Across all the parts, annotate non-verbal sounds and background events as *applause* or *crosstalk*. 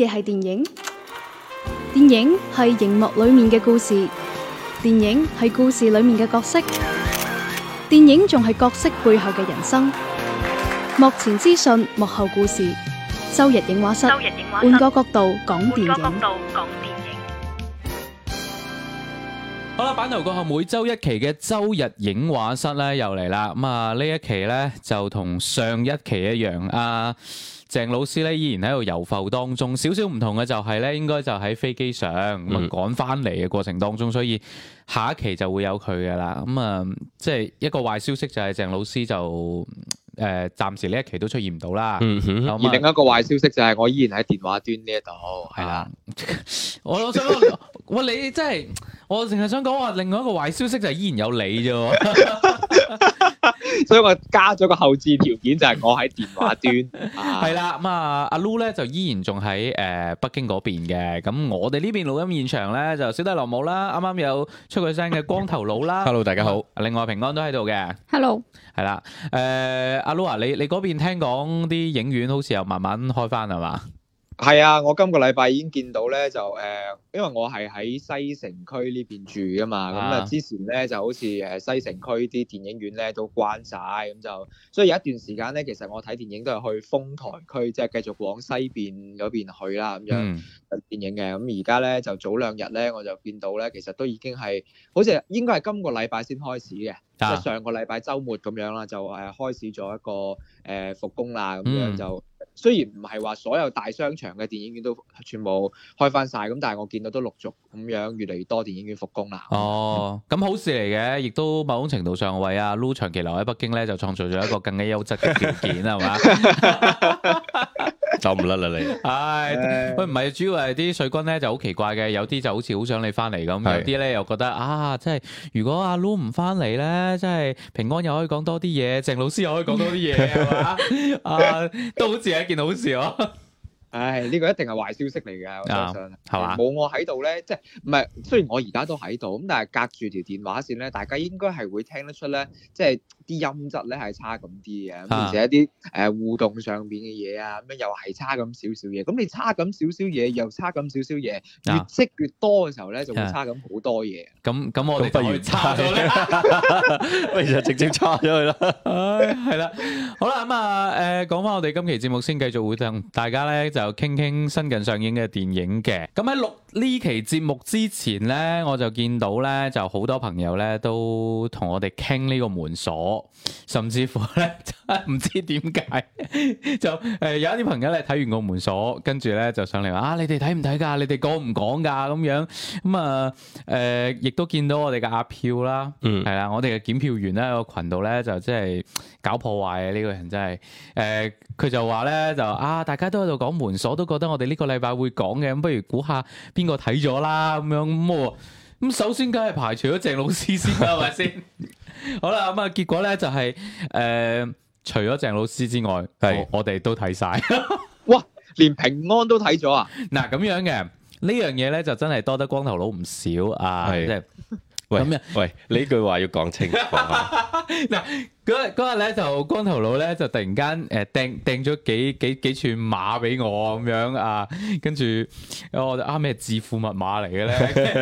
電影係電影，電影係熒幕裏面嘅故事，電影係故事裏面嘅角色，電影仲係角色背後嘅人生。幕前資訊，幕後故事，周日映畫室，換個角度講電影。好啦，板頭過後，每周一期嘅周日映畫室咧又嚟啦。咁啊，呢一期咧就同上一期一樣啊。鄭老師咧依然喺度游浮當中，少少唔同嘅就係咧，應該就喺飛機上咁啊、嗯、哼趕翻嚟嘅過程當中，所以下一期就會有佢㗎啦。咁、嗯、啊，即係一個壞消息就係鄭老師就誒、呃、暫時呢一期都出現唔到啦。嗯、哼後而另一個壞消息就係我依然喺電話端呢一度係啦。我我想，喂 *laughs* 你真係我淨係想講話，另外一個壞消息就係依然有你啫。 *laughs* *laughs* 所以我加咗個後置條件就係、是、我喺電話端，係啦咁啊， *laughs* 阿 Lu 咧就依然仲喺誒北京嗰邊嘅，咁我哋呢邊錄音現場咧就小弟羅姆啦，啱啱有出個聲嘅光頭佬啦 *laughs* ，Hello 大家好，另外平安都喺度嘅，Hello 係啦，誒、呃、阿 Lu 啊，你你嗰邊聽講啲影院好似又慢慢開翻係嘛？係啊，我今個禮拜已經見到咧，就誒、呃，因為我係喺西城區呢邊住噶嘛，咁啊之前咧就好似誒西城區啲電影院咧都關晒，咁就所以有一段時間咧，其實我睇電影都係去豐台區，即係繼續往西邊嗰邊去啦咁樣睇、嗯、電影嘅。咁而家咧就早兩日咧，我就見到咧，其實都已經係好似應該係今個禮拜先開始嘅。啊、上個禮拜週末咁樣啦，就誒、呃、開始咗一個誒、呃、復工啦，咁樣就、嗯、雖然唔係話所有大商場嘅電影院都全部開翻晒，咁但係我見到都陸續咁樣越嚟越多電影院復工啦。哦，咁、嗯、好事嚟嘅，亦都某種程度上為阿、啊、Lu 長期留喺北京咧，就創造咗一個更加優質嘅條件，係嘛 *laughs* 吧？ *laughs* 走唔甩啦你！唉、哎，喂唔係，主要係啲水軍咧就，就好奇怪嘅，有啲就好似好想你翻嚟咁，是有啲咧又覺得啊，即係如果阿 Lo 唔翻嚟咧，即係平安又可以講多啲嘢，鄭老師又可以講多啲嘢啊，啊都好似係一件好事咯。唉、 *laughs* 哎，呢、這個一定係壞消息嚟嘅，係嘛？冇、啊、我喺度咧，即係唔係？雖然我而家都喺度，咁但係隔住條電話線咧，大家應該係會聽得出咧，即係。啲音質咧係差咁啲嘅，而且一啲誒互動上邊嘅嘢啊，咁樣又係差咁少少嘢。咁你差咁少少嘢，又差咁少少嘢，越積越多嘅時候咧，就會差咁好多嘢。咁咁我哋不如差咗啦，不如就直接差咗佢啦。係啦，好啦，咁啊誒，講翻我哋今期節目先，繼續會同大家咧就傾傾新近上映嘅電影嘅。咁喺錄呢期節目之前咧，我就見到咧就好多朋友咧都同我哋傾呢個門鎖。甚至乎咧，真係唔知點解 *laughs* 就誒，有一啲朋友咧睇完個門鎖，跟住咧就上嚟話：啊，你哋睇唔睇噶？你哋講唔講噶？咁樣咁啊，誒、嗯，亦都見到我哋嘅阿票啦，係啦，我哋嘅檢票員咧個群度咧就即係搞破壞嘅呢個人真，真係誒，佢就話咧就啊，大家都喺度講門鎖，都覺得我哋呢個禮拜會講嘅，咁不如估下邊個睇咗啦咁樣咁。咁首先梗係排除咗鄭老師先啦，係咪先？ *laughs* 好啦，咁啊結果咧就係、是、誒、呃，除咗鄭老師之外，是我我哋都睇晒。 *laughs* 哇！連平安都睇咗啊？嗱、啊，咁樣嘅呢樣嘢咧，就真係多得光頭佬唔少啊！係。即係。喂，咁啊！喂，呢句話要講清楚。嗱， *laughs* 嗰日咧就光頭佬咧就突然間誒掟掟咗幾幾幾串碼俾我咁樣啊，跟住我就啱咩支付密碼嚟嘅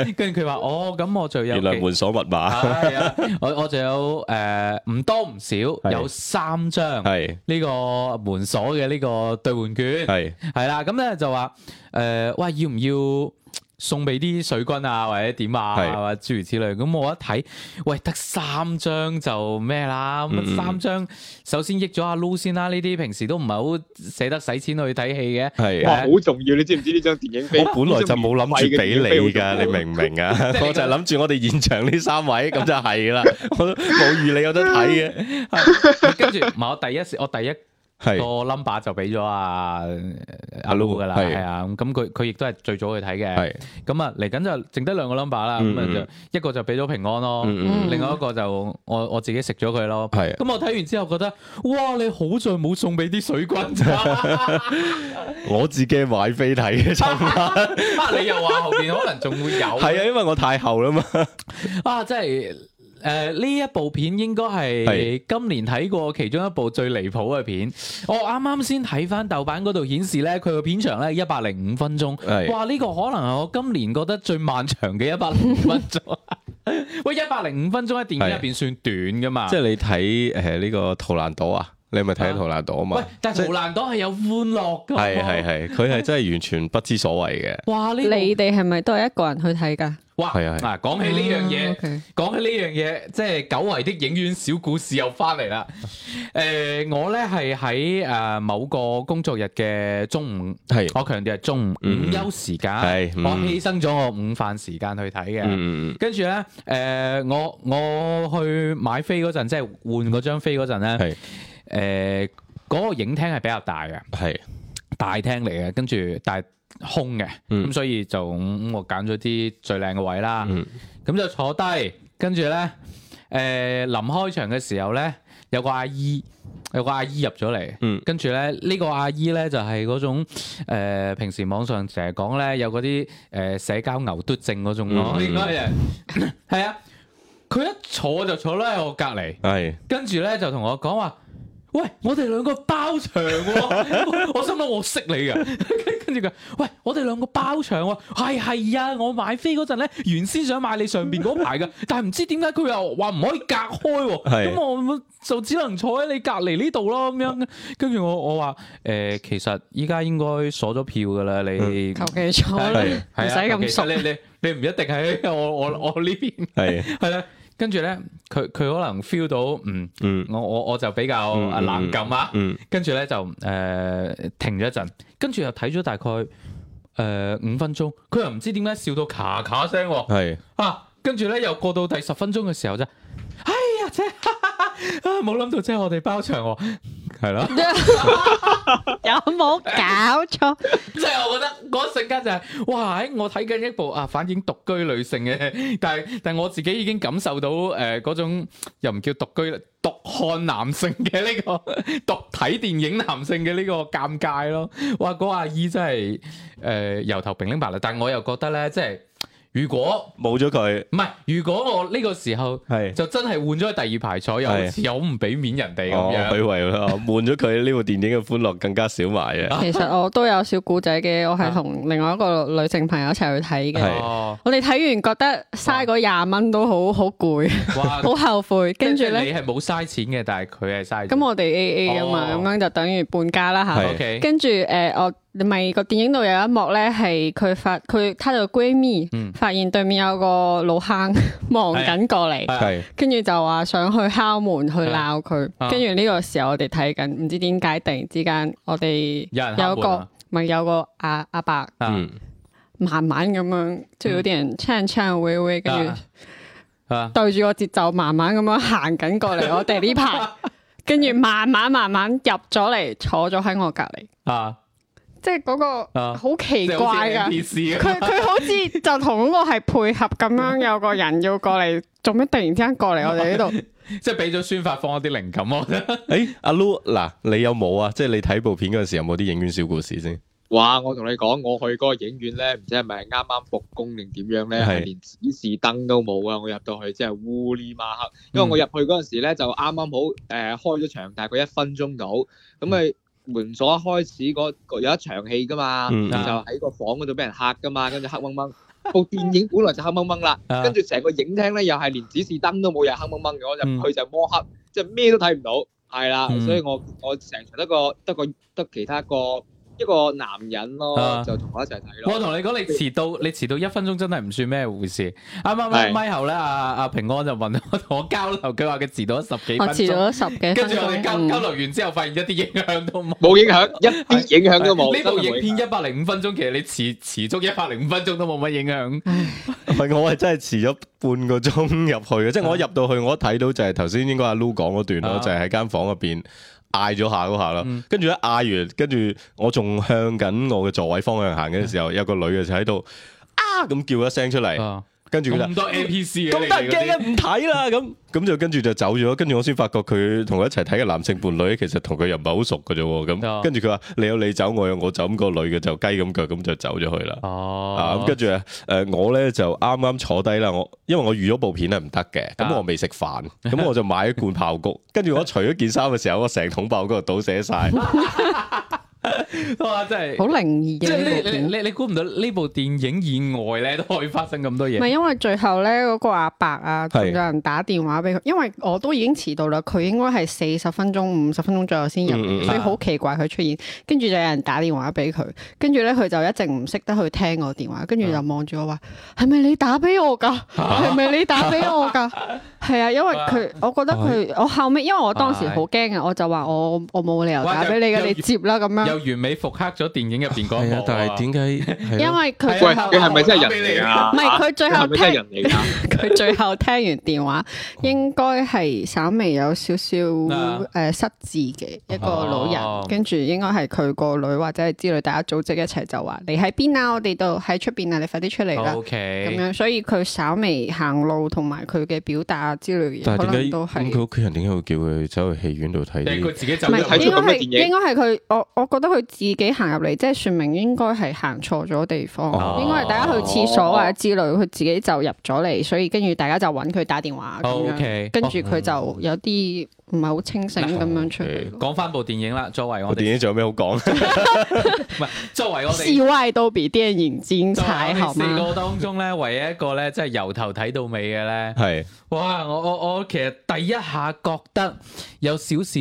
咧？跟住佢話：哦，咁、哦、我仲有……原來門鎖密碼。 *laughs* 我我仲有誒唔、呃、多唔少，有三張係呢個門鎖嘅呢個兌換券係係啦。咁咧就話誒，喂！要唔要緊緊？送俾啲水軍啊，或者點啊，諸如此類。咁是、嗯、我一睇，喂，得三張就咩啦？咁、嗯、三張，首先益咗阿 Lo 先啦、啊。呢啲平時都唔係好捨得使錢去睇戲嘅。係哇，好重要。你知唔知呢張電影飛？ *laughs* 我本來就冇諗住俾你噶，你明唔明啊？ *laughs* 就 *laughs* 我就係諗住我哋現場呢三位，咁就係啦。 *laughs* 我都冇預你有得睇嘅。跟 *laughs* 住、嗯，唔係我第一時，我第一。個 number 就俾咗阿阿 Lu 噶啦，係啊，咁佢佢亦都係最早去睇嘅，咁啊嚟緊就剩得兩個 number 啦，咁啊一個就俾咗平安咯，另外一個就我我自己食咗佢咯，咁我睇完之後覺得，哇，你好在冇送俾啲水軍啫，我自己買飛睇嘅，你又話後邊可能仲會有，係啊，因為我太后啦嘛，啊真係。誒呢、呃、一部片應該係今年睇過其中一部最離譜嘅片。是我啱啱先睇翻豆瓣嗰度顯示咧，佢個片長咧一百零五分鐘。哇呢是、呢個可能係我今年覺得最漫長嘅一百零五分鐘。 *laughs* *laughs* 喂，一百零五分鐘喺電影入邊是算短噶嘛？即係你睇誒呢個圖蘭島啊？你咪睇《圖蘭朵》啊嘛？喂，但係《圖蘭朵》係有歡樂噶。係係係，佢係真係完全不知所謂嘅。哇！呢，你哋係咪都係一個人去睇噶？哇！係啊係啊，講起呢樣嘢，講起呢樣嘢，即係久違的影院小故事又翻嚟啦。誒，我咧係喺誒某個工作日嘅中午，係我強調係中午午休時間，係我犧牲咗我午飯時間去睇嘅。嗯嗯嗯。跟住咧，誒，我我去買飛嗰陣，即係換嗰張飛嗰陣咧。誒，嗰個影廳係比較大嘅，係大廳嚟嘅，跟住但係空嘅，咁所以就咁我揀咗啲最靚嘅位啦，咁就坐低，跟住咧誒臨開場嘅時候咧，有個阿姨有個阿姨入咗嚟，跟住咧呢個阿姨咧就係嗰種誒平時網上成日講咧有嗰啲誒社交牛篤症嗰種咯，應該係啊，佢一坐就坐咗喺我隔籬，係，跟住咧就同我講話。喂，我哋兩個包場，哦， *laughs* 我心諗我識你嘅，跟住佢，喂，我哋兩個包場喎，哦，係係啊，我買飛嗰陣咧，原先想買你上邊嗰排噶，但係唔知點解佢又話唔可以隔開，咁， *laughs* 啊嗯、我就只能坐喺你隔籬呢度咯，咁樣。跟住我我話，誒、呃，其實依家應該鎖咗票噶啦，你求其、嗯啊、坐、啊、你，你，唔使咁熟，你你你唔一定喺我我我呢邊，係係啦。 *laughs* 跟住咧，佢佢可能 feel 到嗯，嗯我我我就比較難撳啊，跟住咧就誒停咗一陣，跟住又睇咗大概誒五分鐘，佢又唔知點解笑到咔咔聲喎，係啊，跟住咧又過到第十分鐘嘅時候啫，哎呀姐，冇 *laughs* 諗到姐我哋包場喎、啊。係咯， *laughs* *laughs* 有冇搞錯？即係 *laughs* *laughs* 我覺得嗰、那個、瞬間就係、是，哇！我睇緊一部啊，反映獨居女性嘅，但係但係我自己已經感受到誒，嗰、呃、種又唔叫獨居獨看男性嘅呢、這個獨睇電影男性嘅呢個尷尬咯。哇！嗰、那個、阿姨真係誒、呃、由頭平拎白啦，但我又覺得咧，即係。如果冇咗佢，唔係如果我呢個時候就真係換咗第二排坐，又有唔俾面人哋咁樣，佢以為換咗佢呢部電影嘅歡樂更加少埋嘅。其實我都有小古仔嘅，我係同另外一個女性朋友一齊去睇嘅。我哋睇完覺得嘥嗰廿蚊都好好攰，好後悔。跟住咧，你係冇嘥錢嘅，但係佢係嘥。咁我哋 A A 啊嘛，咁樣就等於半價啦吓。OK，跟住誒我。咪個電影度有一幕咧，係佢發佢睇到個咪，發現對面有個老坑望 *laughs* 緊過嚟，跟住就話想去敲門去鬧佢。跟住呢個時候，我哋睇緊，唔知點解突然之間我，我哋、啊、有個咪有個阿阿伯，嗯、慢慢咁樣即係有啲人唱唱會會，跟住對住個節奏慢慢咁樣行緊過嚟，我哋呢排，跟住慢慢慢慢入咗嚟，坐咗喺我隔離啊。即係嗰個好、啊、奇怪㗎，佢佢好似就同嗰個係配合咁樣， *laughs* 有個人要過嚟做咩？突然之間過嚟我哋呢度， *laughs* 即係俾咗宣發放一啲靈感。我覺得，誒，阿 Lu 嗱，你有冇啊？即係你睇部片嗰陣時有冇啲影院小故事先？哇！我同你講，我去嗰個影院咧，唔知係咪啱啱復工定點樣咧？係是連指示燈都冇啊！我入到去即係烏哩馬黑，因為我入去嗰陣時咧就啱啱好誒、呃、開咗場，大概一分鐘到咁咪。門鎖開始有一場戲噶嘛，嗯、就喺個房嗰度俾人嚇噶嘛，跟住 *laughs* 黑掹掹。 *laughs* 部電影本來就黑掹掹啦，跟住成個影廳咧又係連指示燈都冇，又黑掹掹嘅，我入去就摸黑，即係咩都睇唔到，係啦。嗯、所以我我成場得個得個得其他個。一個男人咯，啊、就同我一齊睇咯。我同你講，你遲到，是你遲到一分鐘真係唔算咩回事。啱啱咪後咧，阿阿是、啊、平安就問我同我交流，佢話佢遲到咗十幾分鐘。我遲咗十幾分。跟住我哋交交流完之後，發現一啲影響都冇。冇、嗯、影響，一啲影響都冇。呢部影片一百零五分鐘，其實你遲遲足一百零五分鐘都冇乜影響。唔係。唉 *laughs* 我係真係遲咗半個鐘入去嘅，即係 *laughs* 我一入到去，我一睇到就係頭先應該阿 Lu 講嗰段咯，啊、就係喺間房入邊。嗌咗下嗰下啦，跟住、嗯、一嗌完，跟住我仲向緊我嘅座位方向行嘅時候，嗯、有個女嘅就喺度啊咁叫一聲出嚟。哦。跟住咁多 A P C，咁得驚唔睇啦，咁咁就跟住就走咗。跟住我先發覺佢同我一齊睇嘅男性伴侶，其實同佢又唔係好熟嘅啫。咁 *laughs* 跟住佢話，你有你走，我有我走。」咁，個女嘅就雞咁腳，咁就走咗去啦。哦，咁跟住啊，誒、呃，我咧就啱啱坐低啦，我因為我預咗部片係唔得嘅，咁、啊、我未食飯，咁 *laughs* 我就買一罐爆穀，跟住我除咗件衫嘅時候，我成桶爆穀度倒瀉晒。 *laughs* 哇！真係好靈異嘅你你你估唔到呢部電影以外咧都可以發生咁多嘢。唔係因為最後咧嗰個阿伯啊，仲有人打電話俾佢，因為我都已經遲到啦，佢應該係四十分鐘、五十分鐘左右先入，所以好奇怪佢出現。跟住就有人打電話俾佢，跟住咧佢就一直唔識得去聽我電話，跟住就望住我話：係咪你打俾我噶？係咪你打俾我噶？係啊，因為佢，我覺得佢，我後尾因為我當時好驚啊，我就話我我冇理由打俾你噶，你接啦咁樣。完美復刻咗電影入邊嗰幕，但係點解？因為佢喂，佢係咪真係人嚟啊？唔係，佢最後聽完電話，應該係稍微有少少誒失智嘅一個老人。跟住應該係佢個女或者係之類，大家組織一齊就話：你喺邊啊？我哋度喺出邊啊！你快啲出嚟啦！OK，咁樣，所以佢稍微行路同埋佢嘅表達之類嘅，可能都係。佢屋企人點解會叫佢走去戲院度睇？唔係，應該係應該係佢我我覺得佢自己行入嚟，即係說明應該係行錯咗地方，哦、應該係大家去廁所啊之類，佢、哦、自己就入咗嚟，所以跟住大家就揾佢打電話。哦、o、okay, K，跟住佢就有啲唔係好清醒咁樣出嚟。講返部電影啦，作為我電影仲有咩好講？作為我戲外都比電影精彩，好嗎？四個當中呢，唯一一個呢，即係由頭睇到尾嘅呢，係的哇！我我我,我其實第一下覺得有少少。.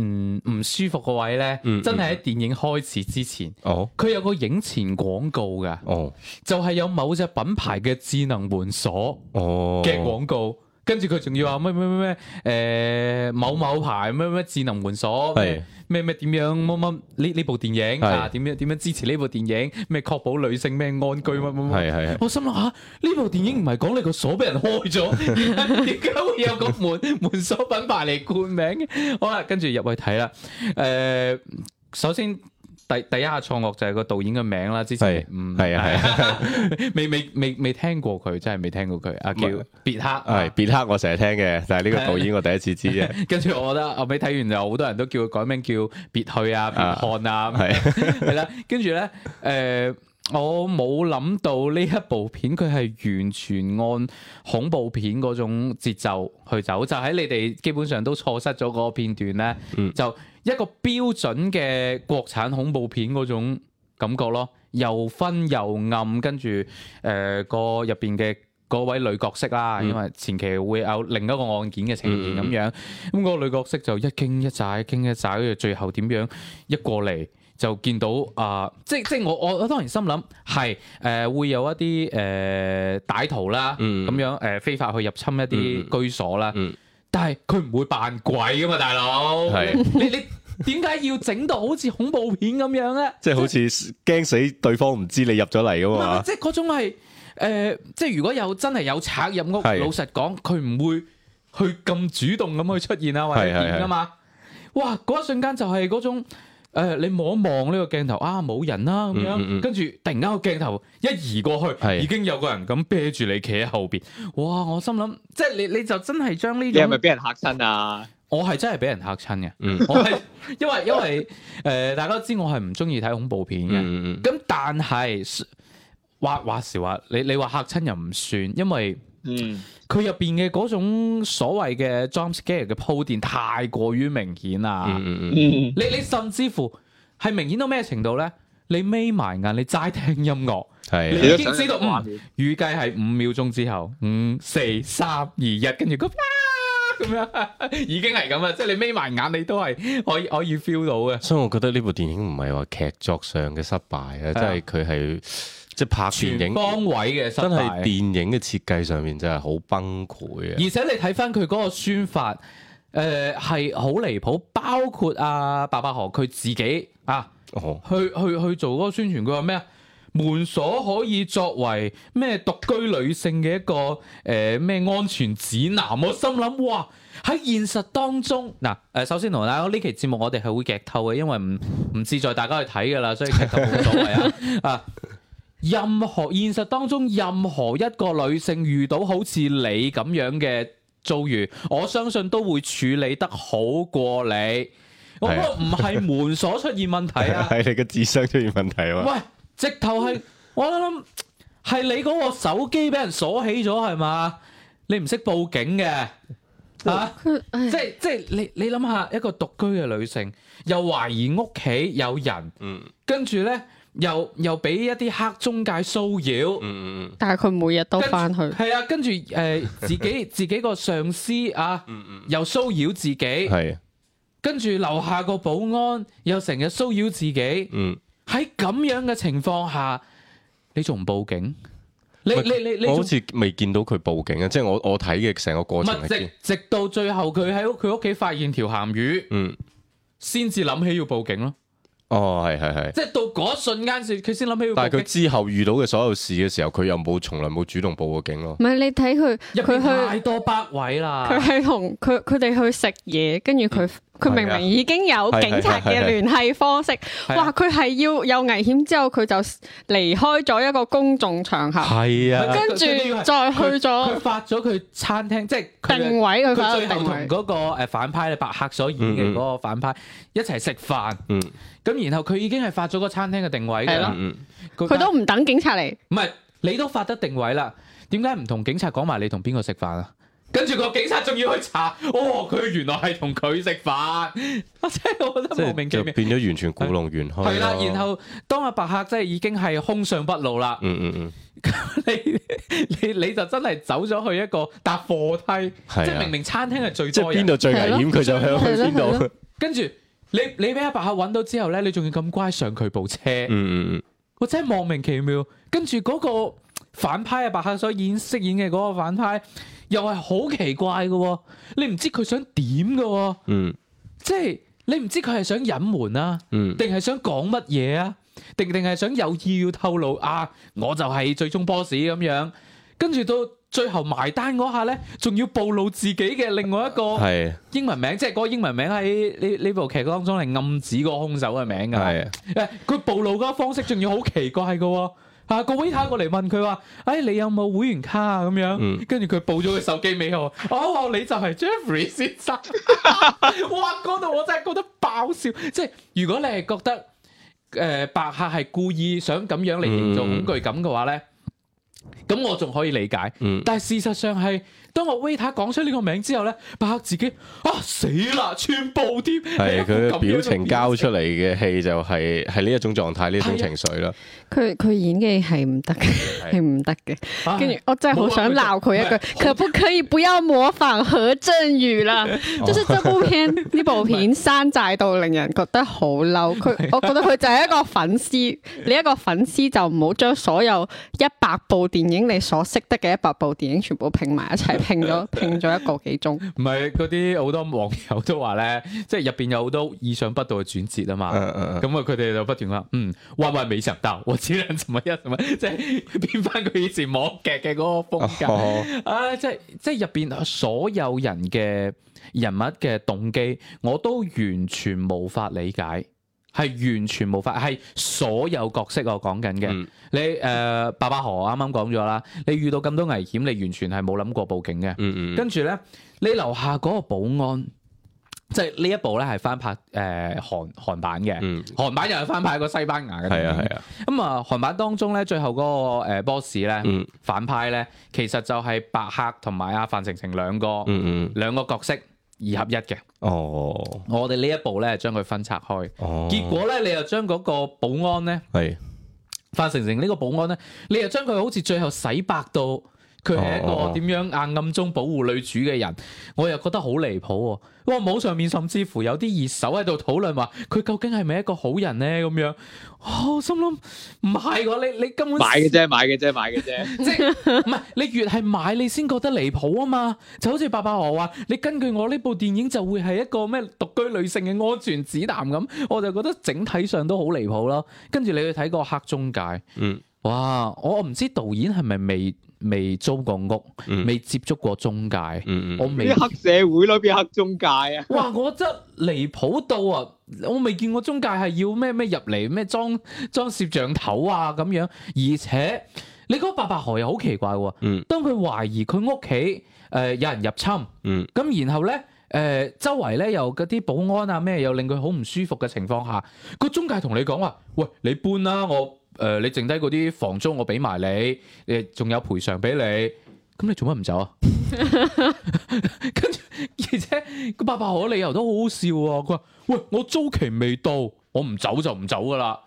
唔唔、嗯、舒服個位呢，嗯嗯、真係喺電影開始之前，佢、oh. 有個影前廣告㗎，oh. 就係有某隻品牌嘅智能門鎖嘅廣告。跟住佢仲要話咩咩咩咩，誒、呃、某某牌咩咩智能門鎖，咩咩咩點樣乜乜呢呢部電影啊？點樣點樣支持呢部電影？咩的、啊、確保女性咩安居乜乜乜？的我心諗吓，呢、啊、部電影唔係講你個鎖俾人開咗，點解 *laughs* 會有個門 *laughs* 門鎖品牌嚟冠名？好啦，跟住入去睇啦。誒、呃，首先。第第一下錯愕就係個導演嘅名啦，之前係，係啊係啊，未未未未聽過佢，真係未聽過佢。啊叫別克，係別克，我成日聽嘅，但係呢個導演我第一次知嘅。跟住我覺得後尾睇完就好多人都叫佢改名叫別去啊、別看啊，係係啦。跟住咧，誒、呃，我冇諗到呢一部片佢係完全按恐怖片嗰種節奏去走，就喺、是、你哋基本上都錯失咗嗰個片段咧，就。嗯一個標準嘅國產恐怖片嗰種感覺咯，又昏又暗，跟住誒個入邊嘅嗰位女角色啦，因為前期會有另一個案件嘅情節咁、嗯、樣，咁嗰個女角色就一驚一乍，驚一乍，跟住最後點樣一過嚟就見到啊！即即我我當然心諗係誒會有一啲誒歹徒啦，咁樣誒非法去入侵一啲居所啦。但係佢唔會扮鬼噶嘛，大佬。係 *laughs* 你你點解要整到好似恐怖片咁樣咧，就是呃？即係好似驚死對方唔知你入咗嚟。噶即係嗰種係誒，即係如果有真係有賊入屋，的老實講，佢唔會去咁主動咁去出現啊，的或者點噶嘛？的哇！嗰一瞬間就係嗰種。誒、呃，你望一望呢個鏡頭啊，冇人啦、啊、咁樣，嗯嗯嗯跟住突然間個鏡頭一移過去，是已經有個人咁啤住你企喺後邊。哇！我心諗，即係你你就真係將呢啲你係咪俾人嚇親啊？我係真係俾人嚇親嘅。嗯，我係因為因為誒、呃，大家都知我係唔中意睇恐怖片嘅。咁、嗯嗯嗯、但係話話時話，你你話嚇親又唔算，因為。嗯，佢入邊嘅嗰種所謂嘅 jump scare 嘅鋪墊太過於明顯啦、嗯。嗯嗯嗯，你你甚至乎係明顯到咩程度咧？你眯埋眼，你齋聽音樂，係嘅已經知道唔，預計係五秒鐘之後，五、啊、四、三、二、一，跟住個啪咁樣，已經係咁啦。即係你眯埋眼，你都係可以可以 feel 到嘅。所以我覺得呢部電影唔係話劇作上嘅失敗啊，即係佢係。即拍電影，方位嘅真係電影嘅設計上面真係好崩潰啊！而且你睇翻佢嗰個宣發，誒係好離譜，包括阿白百何佢自己啊，哦、去去去做嗰個宣傳，佢話咩啊門鎖可以作為咩獨居女性嘅一個誒咩、呃、安全指南，我心諗哇喺現實當中嗱誒、啊，首先同大家呢期節目我哋係會劇透嘅，因為唔唔志在大家去睇噶啦，所以劇透冇所謂啊啊！ *laughs* 任何現實當中，任何一個女性遇到好似你咁樣嘅遭遇，我相信都會處理得好過你。我覺得唔係門鎖出現問題啊，係 *laughs* 你個智商出現問題啊！喂，直頭係我諗諗，係你嗰個手機俾人鎖起咗係嘛？你唔識報警嘅嚇、啊， *laughs* 即係即係你你諗下一個獨居嘅女性，又懷疑屋企有人，跟住咧，又又俾一啲黑中介騷擾，但係佢每日都翻去。係啊，跟住誒、呃、自己自己個上司啊， *laughs* 又騷擾自己。係、啊，跟住樓下個保安又成日騷擾自己。嗯，喺咁樣嘅情況下，你仲唔報警？嗯、你你你你我好似未見到佢報警啊！即、就、係、是、我我睇嘅成個過程係、嗯、直、直到直、直到最後佢喺佢屋企發現條鹹魚，先至諗起要報警咯。哦，係係係，即係到嗰一瞬間時，佢先諗起。但係佢之後遇到嘅所有事嘅時候，佢又冇從來冇主動報過警咯。唔係，你睇佢，佢去太多百位啦。佢係同佢佢哋去食嘢，跟住佢。嗯佢明明已經有警察嘅聯繫方式，話佢係要有危險之後，佢就離開咗一個公眾場合。係啊的，跟住再去咗。佢發咗佢餐廳即係定，定位，佢佢最後同嗰個誒反派白客所演嘅嗰個反派一齊食飯。嗯，咁然後佢已經係發咗個餐廳嘅定位㗎。佢都唔等警察嚟。唔係你都發得定位啦？點解唔同警察講埋你同邊個食飯啊？跟住個警察仲要去查，哦，佢原來係同佢食飯，即係我覺得莫名其妙，變咗完全故弄玄虛。係啦，然後當阿白客真係已經係凶相畢露啦。嗯嗯嗯，你你你就真係走咗去一個搭貨梯，即係明明餐廳係最多人，即係邊度最危險，佢就向去邊度。跟住你你俾阿白客揾到之後咧，你仲要咁乖上佢部車。嗯嗯嗯，我真係莫名其妙。跟住嗰個反派阿白客所演飾演嘅嗰個反派。又係好奇怪嘅、哦，你唔知佢想點嘅、哦，嗯、即係你唔知佢係想隱瞞啊，定係、嗯、想講乜嘢啊？定定係想有意要透露啊？我就係最終 boss 咁樣，跟住到最後埋單嗰下咧，仲要暴露自己嘅另外一個英文名，是即係嗰個英文名喺呢呢部劇當中係暗指個凶手嘅名嘅，誒是，佢暴露嗰個方式仲要好奇怪嘅、哦。嗱，個 waiter、er、過嚟問佢話，誒、哎，你有冇會員卡啊？咁樣，跟住佢報咗個手機尾號，我話、 *laughs* 哦、你就係 Jeffrey 先生。 *laughs* 哇！嗰度我真係覺得爆笑。即係如果你係覺得誒、呃、白客係故意想咁樣嚟營造恐懼感嘅話咧，咁、嗯、我仲可以理解。嗯、但係事實上係。當我 waiter 講出呢個名之後咧，白客自己啊死啦，全部啲係佢嘅表情交出嚟嘅戲就係係呢一種狀態呢種情緒啦。佢佢演技係唔得嘅，係唔得嘅。跟住、啊、我真係好想鬧佢一句，啊、不可不可以不要模仿何振宇啦？即 *laughs* 是這部片呢 *laughs* 部片是山寨到令人覺得好嬲。佢、啊、我覺得佢就係一個粉絲， *laughs* 你一個粉絲就唔好將所有一百部電影你所識得嘅一百部電影全部拼埋一齊。 *laughs* 拼咗停咗一個幾鐘，唔係嗰啲好多網友都話咧，即係入邊有好多意想不到嘅轉折啊嘛，咁啊佢哋就不斷話，嗯，萬萬沒想到，我只能怎麼樣，即係變翻佢以前網劇嘅嗰個風格，uh huh. 啊，即係即係入邊所有人嘅人物嘅動機，我都完全無法理解。係完全冇法，係所有角色我講緊嘅。嗯、你誒白百何啱啱講咗啦，你遇到咁多危險，你完全係冇諗過報警嘅。跟住咧，你樓下嗰個保安，即係呢一部咧係翻拍誒韓韓版嘅。嗯、韓版又係翻拍一個西班牙嘅。係啊係啊。咁啊，韓版當中咧，最後嗰個 boss 咧，反派咧，其實就係白客同埋阿范丞丞兩個，兩個角色。嗯嗯嗯嗯嗯嗯嗯嗯二合一嘅，哦，oh. 我哋呢一步咧，將佢分拆開，oh. 結果咧，你又將嗰個保安咧，係是，范丞丞呢個保安咧，你又將佢好似最後洗白到。佢係一個點樣硬暗中保護女主嘅人，我又覺得好離譜喎！哇，網上面甚至乎有啲熱搜喺度討論話，佢究竟係咪一個好人呢？咁樣，我心諗唔係你你根本買嘅啫，買嘅啫，買嘅啫，即係唔係？你越係買，你先覺得離譜啊嘛！就好似八百河話，你根據我呢部電影就會係一個咩獨居女性嘅安全指南咁，我就覺得整體上都好離譜咯。跟住你去睇個黑中介，嗯，哇，我唔知導演係咪未？未租過屋，未接觸過中介，嗯嗯、我未沒。啲黑社會裏邊黑中介啊！哇，我真離譜到啊！我未見過中介係要咩咩入嚟，咩裝裝攝像頭啊咁樣。而且你嗰個白百何又好奇怪喎、啊，嗯、當佢懷疑佢屋企誒有人入侵，咁、嗯、然後咧誒、呃、周圍咧又嗰啲保安啊咩又令佢好唔舒服嘅情況下，個中介同你講話：，喂，你搬啦，我。誒、呃，你剩低嗰啲房租我俾埋你，誒仲有賠償俾你，咁你做乜唔走啊？跟住而且個八百號理由都好好笑啊！佢話喂，我租期未到，我唔走就唔走噶啦。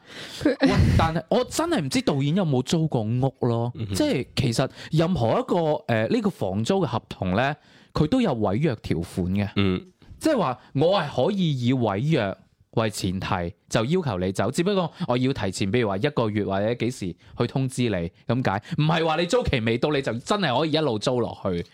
*laughs* 但係我真係唔知導演有冇租過屋咯，嗯、哼即係其實任何一個誒呢、呃這個房租嘅合同咧，佢都有違約條款嘅，嗯、即係話我係可以以違約。為前提就要求你走，只不過我要提前，比如話一個月或者幾時去通知你咁解，唔係話你租期未到你就真係可以一路租落去，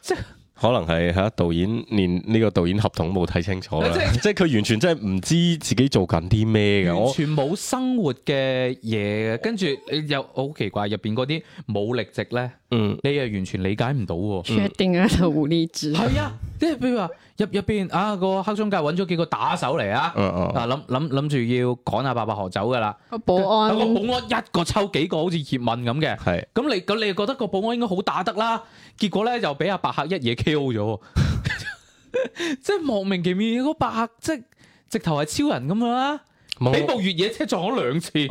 即可能係吓導演連呢個導演合同冇睇清楚，即係佢完全真係唔知自己做緊啲咩嘅，完全冇生活嘅嘢，跟住我又好奇怪入邊嗰啲武力值咧，嗯，你又完全理解唔到喎，確定、嗯、 *laughs* 啊，武力值，係啊，即係譬如話。一入邊啊、那個黑中介揾咗幾個打手嚟、嗯嗯、啊，啊諗諗諗住要趕阿白百何走噶啦，個保安、啊那個保安一個抽幾個好似葉問咁嘅，係咁是你咁你覺得個保安應該好打得啦，結果咧就俾阿白客一嘢 KO 咗， *laughs* *laughs* 即係莫名其妙、那個白客即直頭係超人咁啦。俾部越野車撞咗兩次，佢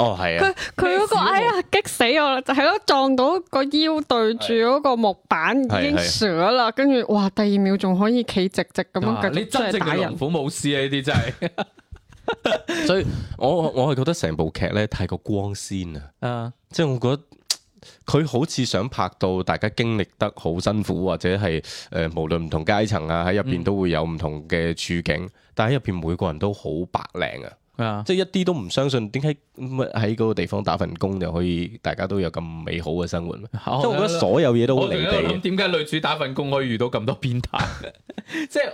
佢嗰個、啊、哎呀，激死我啦！就係咯，撞到個腰對住嗰個木板已經碎咗啦，跟住哇，第二秒仲可以企直直咁樣繼續打人，苦冇事啊！呢啲真係，所以我我係覺得成部劇咧太過光鮮啊！啊，即係我覺得佢好似想拍到大家經歷得好辛苦，或者係誒、呃、無論唔同階層啊，喺入邊都會有唔同嘅處境，嗯、但係入邊每個人都好白靚啊。即係一啲都唔相信，點解喺嗰個地方打份工就可以？大家都有咁美好嘅生活。即係、哦、我覺得所有嘢都好離地、哦。點解女主打份工可以遇到咁多變態？即係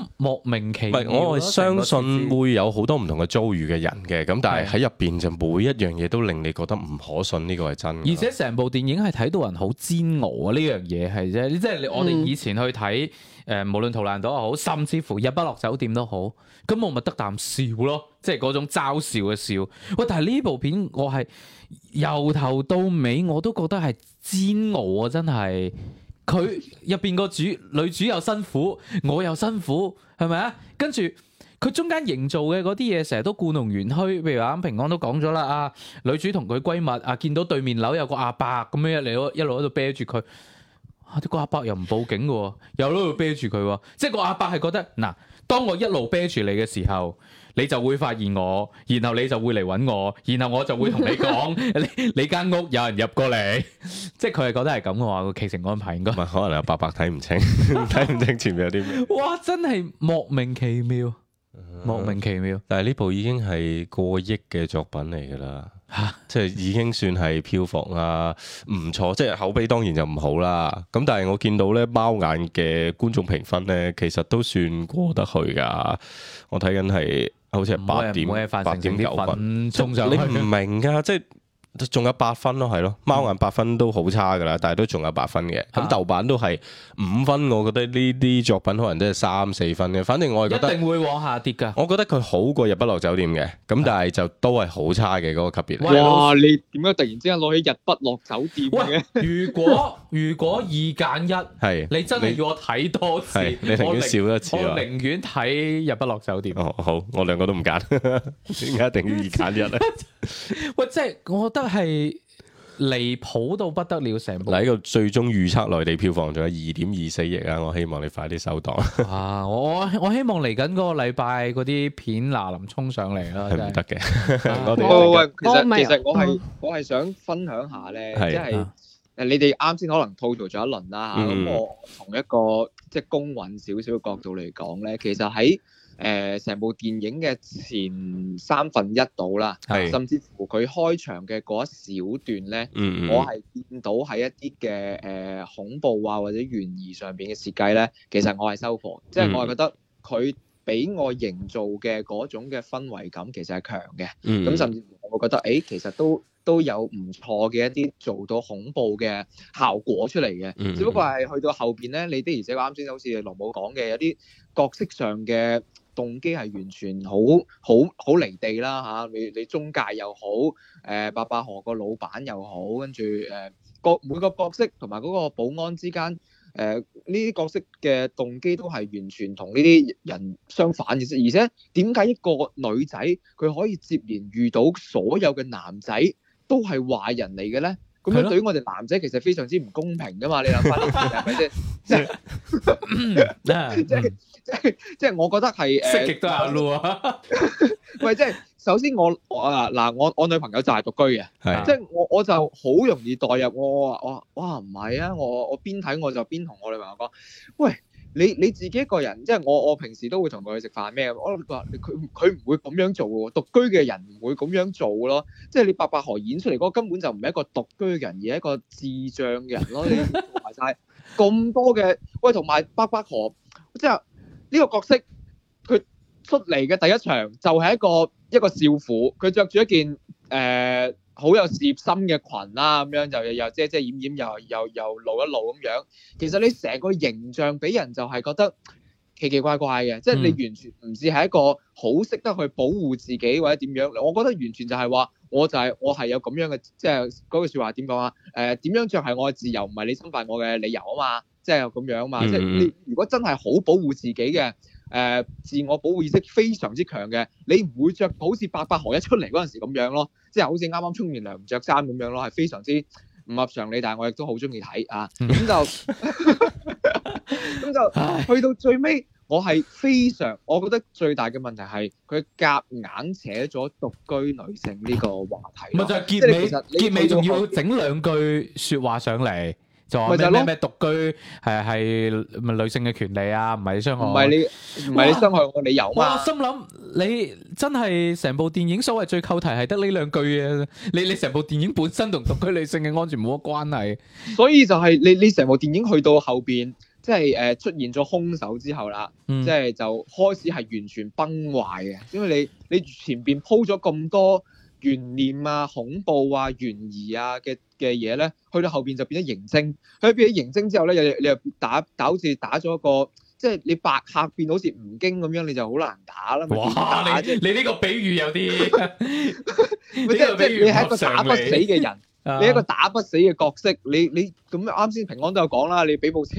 好莫名其妙。不我係相信會有好多唔同嘅遭遇嘅人嘅。咁的但係喺入邊就每一樣嘢都令你覺得唔可信。呢個係真。而且成部電影係睇到人好煎熬啊！呢樣嘢係啫，即、就、係、是、我哋以前去睇誒，嗯、無論圖蘭島又好，甚至乎日不落酒店都好。咁我咪得啖笑咯，即係嗰種嘲笑嘅笑。喂，但係呢部片我係由頭到尾我都覺得係煎熬啊！真係，佢入邊個主女主又辛苦，我又辛苦，係咪啊？跟住佢中間營造嘅嗰啲嘢，成日都故弄玄虛。譬如話啱平安都講咗啦，啊，女主同佢閨蜜啊，見到對面樓有個阿伯咁樣一嚟，一路喺度啤住佢。啊，啲個阿伯又唔報警嘅，又喺度啤住佢。即係個阿伯係覺得嗱。當我一路啤住你嘅時候，你就會發現我，然後你就會嚟揾我，然後我就會同你講： *laughs* 你你間屋有人入過嚟， *laughs* 即係佢係覺得係咁嘅話，個劇情安排應該唔係可能阿伯伯睇唔清，睇唔 *laughs* *laughs* 清前面有啲咩？哇！真係莫名其妙，啊、莫名其妙。但係呢部已經係過億嘅作品嚟㗎啦。嚇， *laughs* 即係已經算係票房啊，唔錯，即係口碑當然就唔好啦。咁但係我見到咧貓眼嘅觀眾評分咧，其實都算過得去㗎。我睇緊係好似係八點八點九分，分你唔明㗎， *laughs* 即係。仲有八分咯，係咯，貓眼八分都好差噶啦，但係都仲有八分嘅。咁豆瓣都係五分，我覺得呢啲作品可能真係三四分嘅。反正我係覺得定會往下跌噶。我覺得佢好過日不落酒店嘅，咁但係就都係好差嘅嗰、那個級別。喂哇，你點解突然之間攞起日不落酒店？如果如果二揀一係， *laughs* 你真係要我睇多次，你寧願少一次，我寧願睇日不落酒店。哦、好，我兩個都唔揀，點 *laughs* 解一定要二揀一咧？ *laughs* 喂，即、就、係、是、我覺得。係離譜到不得了，成部。嚟個最終預測內地票房仲有二點二四億啊！我希望你快啲收檔。 *laughs* 啊，我我希望嚟緊個禮拜嗰啲片嗱臨衝上嚟啦，係唔得嘅。喂行喂，其實、哦、其實我係、哦、我係想分享下咧，即係誒，就是啊、你哋啱先可能吐槽咗一輪啦吓，咁、嗯、我從一個即係公允少少嘅角度嚟講咧，其實喺。誒成、呃、部電影嘅前三分一到啦，是甚至乎佢開場嘅嗰一小段咧，嗯、我係見到喺一啲嘅誒恐怖啊或者懸疑上邊嘅設計咧，其實我係收貨，嗯、即係我係覺得佢俾我營造嘅嗰種嘅氛圍感其實係強嘅，咁、嗯嗯、甚至乎我覺得誒其實都都有唔錯嘅一啲做到恐怖嘅效果出嚟嘅，嗯、只不過係去到後邊咧，你的而且確啱先好似羅母講嘅有啲角色上嘅。動機係完全好好好離地啦嚇，你、啊、你中介又好，誒白百何個老闆又好，跟住誒個每個角色同埋嗰個保安之間，誒呢啲角色嘅動機都係完全同呢啲人相反嘅，而且點解一個女仔佢可以接連遇到所有嘅男仔都係壞人嚟嘅咧？咁樣對於我哋男仔其實非常之唔公平噶嘛，你諗翻啲事係咪先？即係即係即係即係我覺得係誒，極都阿嬲啊！唔係即係首先我啊嗱，我我女朋友就係獨居嘅，係即係我我就好容易代入我我話哇唔係啊！我我邊睇我就邊同我女朋友講，喂。你你自己一個人，即係我我平時都會同佢去食飯咩？我諗話佢佢唔會咁樣做嘅喎，獨居嘅人唔會咁樣做咯。即係你白百何演出嚟嗰個根本就唔係一個獨居人，而係一個智障嘅人咯。你埋晒咁多嘅，喂，同埋白百何即係呢個角色，佢出嚟嘅第一場就係一個一個少婦，佢着住一件誒。呃好有事業心嘅群啦，咁樣就又遮遮掩掩，又又又露一露咁樣。其實你成個形象俾人就係覺得奇奇怪怪嘅，即係、嗯、你完全唔似係一個好識得去保護自己或者點樣。我覺得完全就係話，我就係、是、我係有咁樣嘅，即係嗰句説話點講啊？誒、呃、點樣著係我嘅自由，唔係你侵犯我嘅理由啊嘛，即係又咁樣啊嘛。即係、嗯、你如果真係好保護自己嘅。誒、呃、自我保護意識非常之強嘅，你唔會着好似白百何一出嚟嗰陣時咁樣咯，即係好似啱啱沖完涼唔着衫咁樣咯，係非常之唔合常理。但係我亦都好中意睇啊，咁就咁 *laughs* *laughs* 就去到最尾，我係非常，我覺得最大嘅問題係佢夾硬扯咗獨居女性呢個話題。唔係就係結尾，結尾仲要整兩句説話上嚟。就咩咩獨居係係女性嘅權利啊？唔係你傷害，唔係你，唔係你傷害我，哇你有啊？心諗你真係成部電影所謂最扣題係得呢兩句啊。你你成部電影本身同獨居女性嘅安全冇乜關係。所以就係你你成部電影去到後邊，即係誒、呃、出現咗兇手之後啦，嗯、即係就開始係完全崩壞嘅，因為你你前邊鋪咗咁多懸念啊、恐怖啊、懸疑啊嘅嘅嘢咧，去到後邊就變咗凝晶，去到變咗凝晶之後咧，又你又打打好似打咗一個，即係你白客變到好似吳京咁樣，你就好難打啦。哇！你你呢個比喻有啲，即係即係你係一個打不死嘅人，你一個打不死嘅角色，你你咁啱先平安都有講啦，你俾部車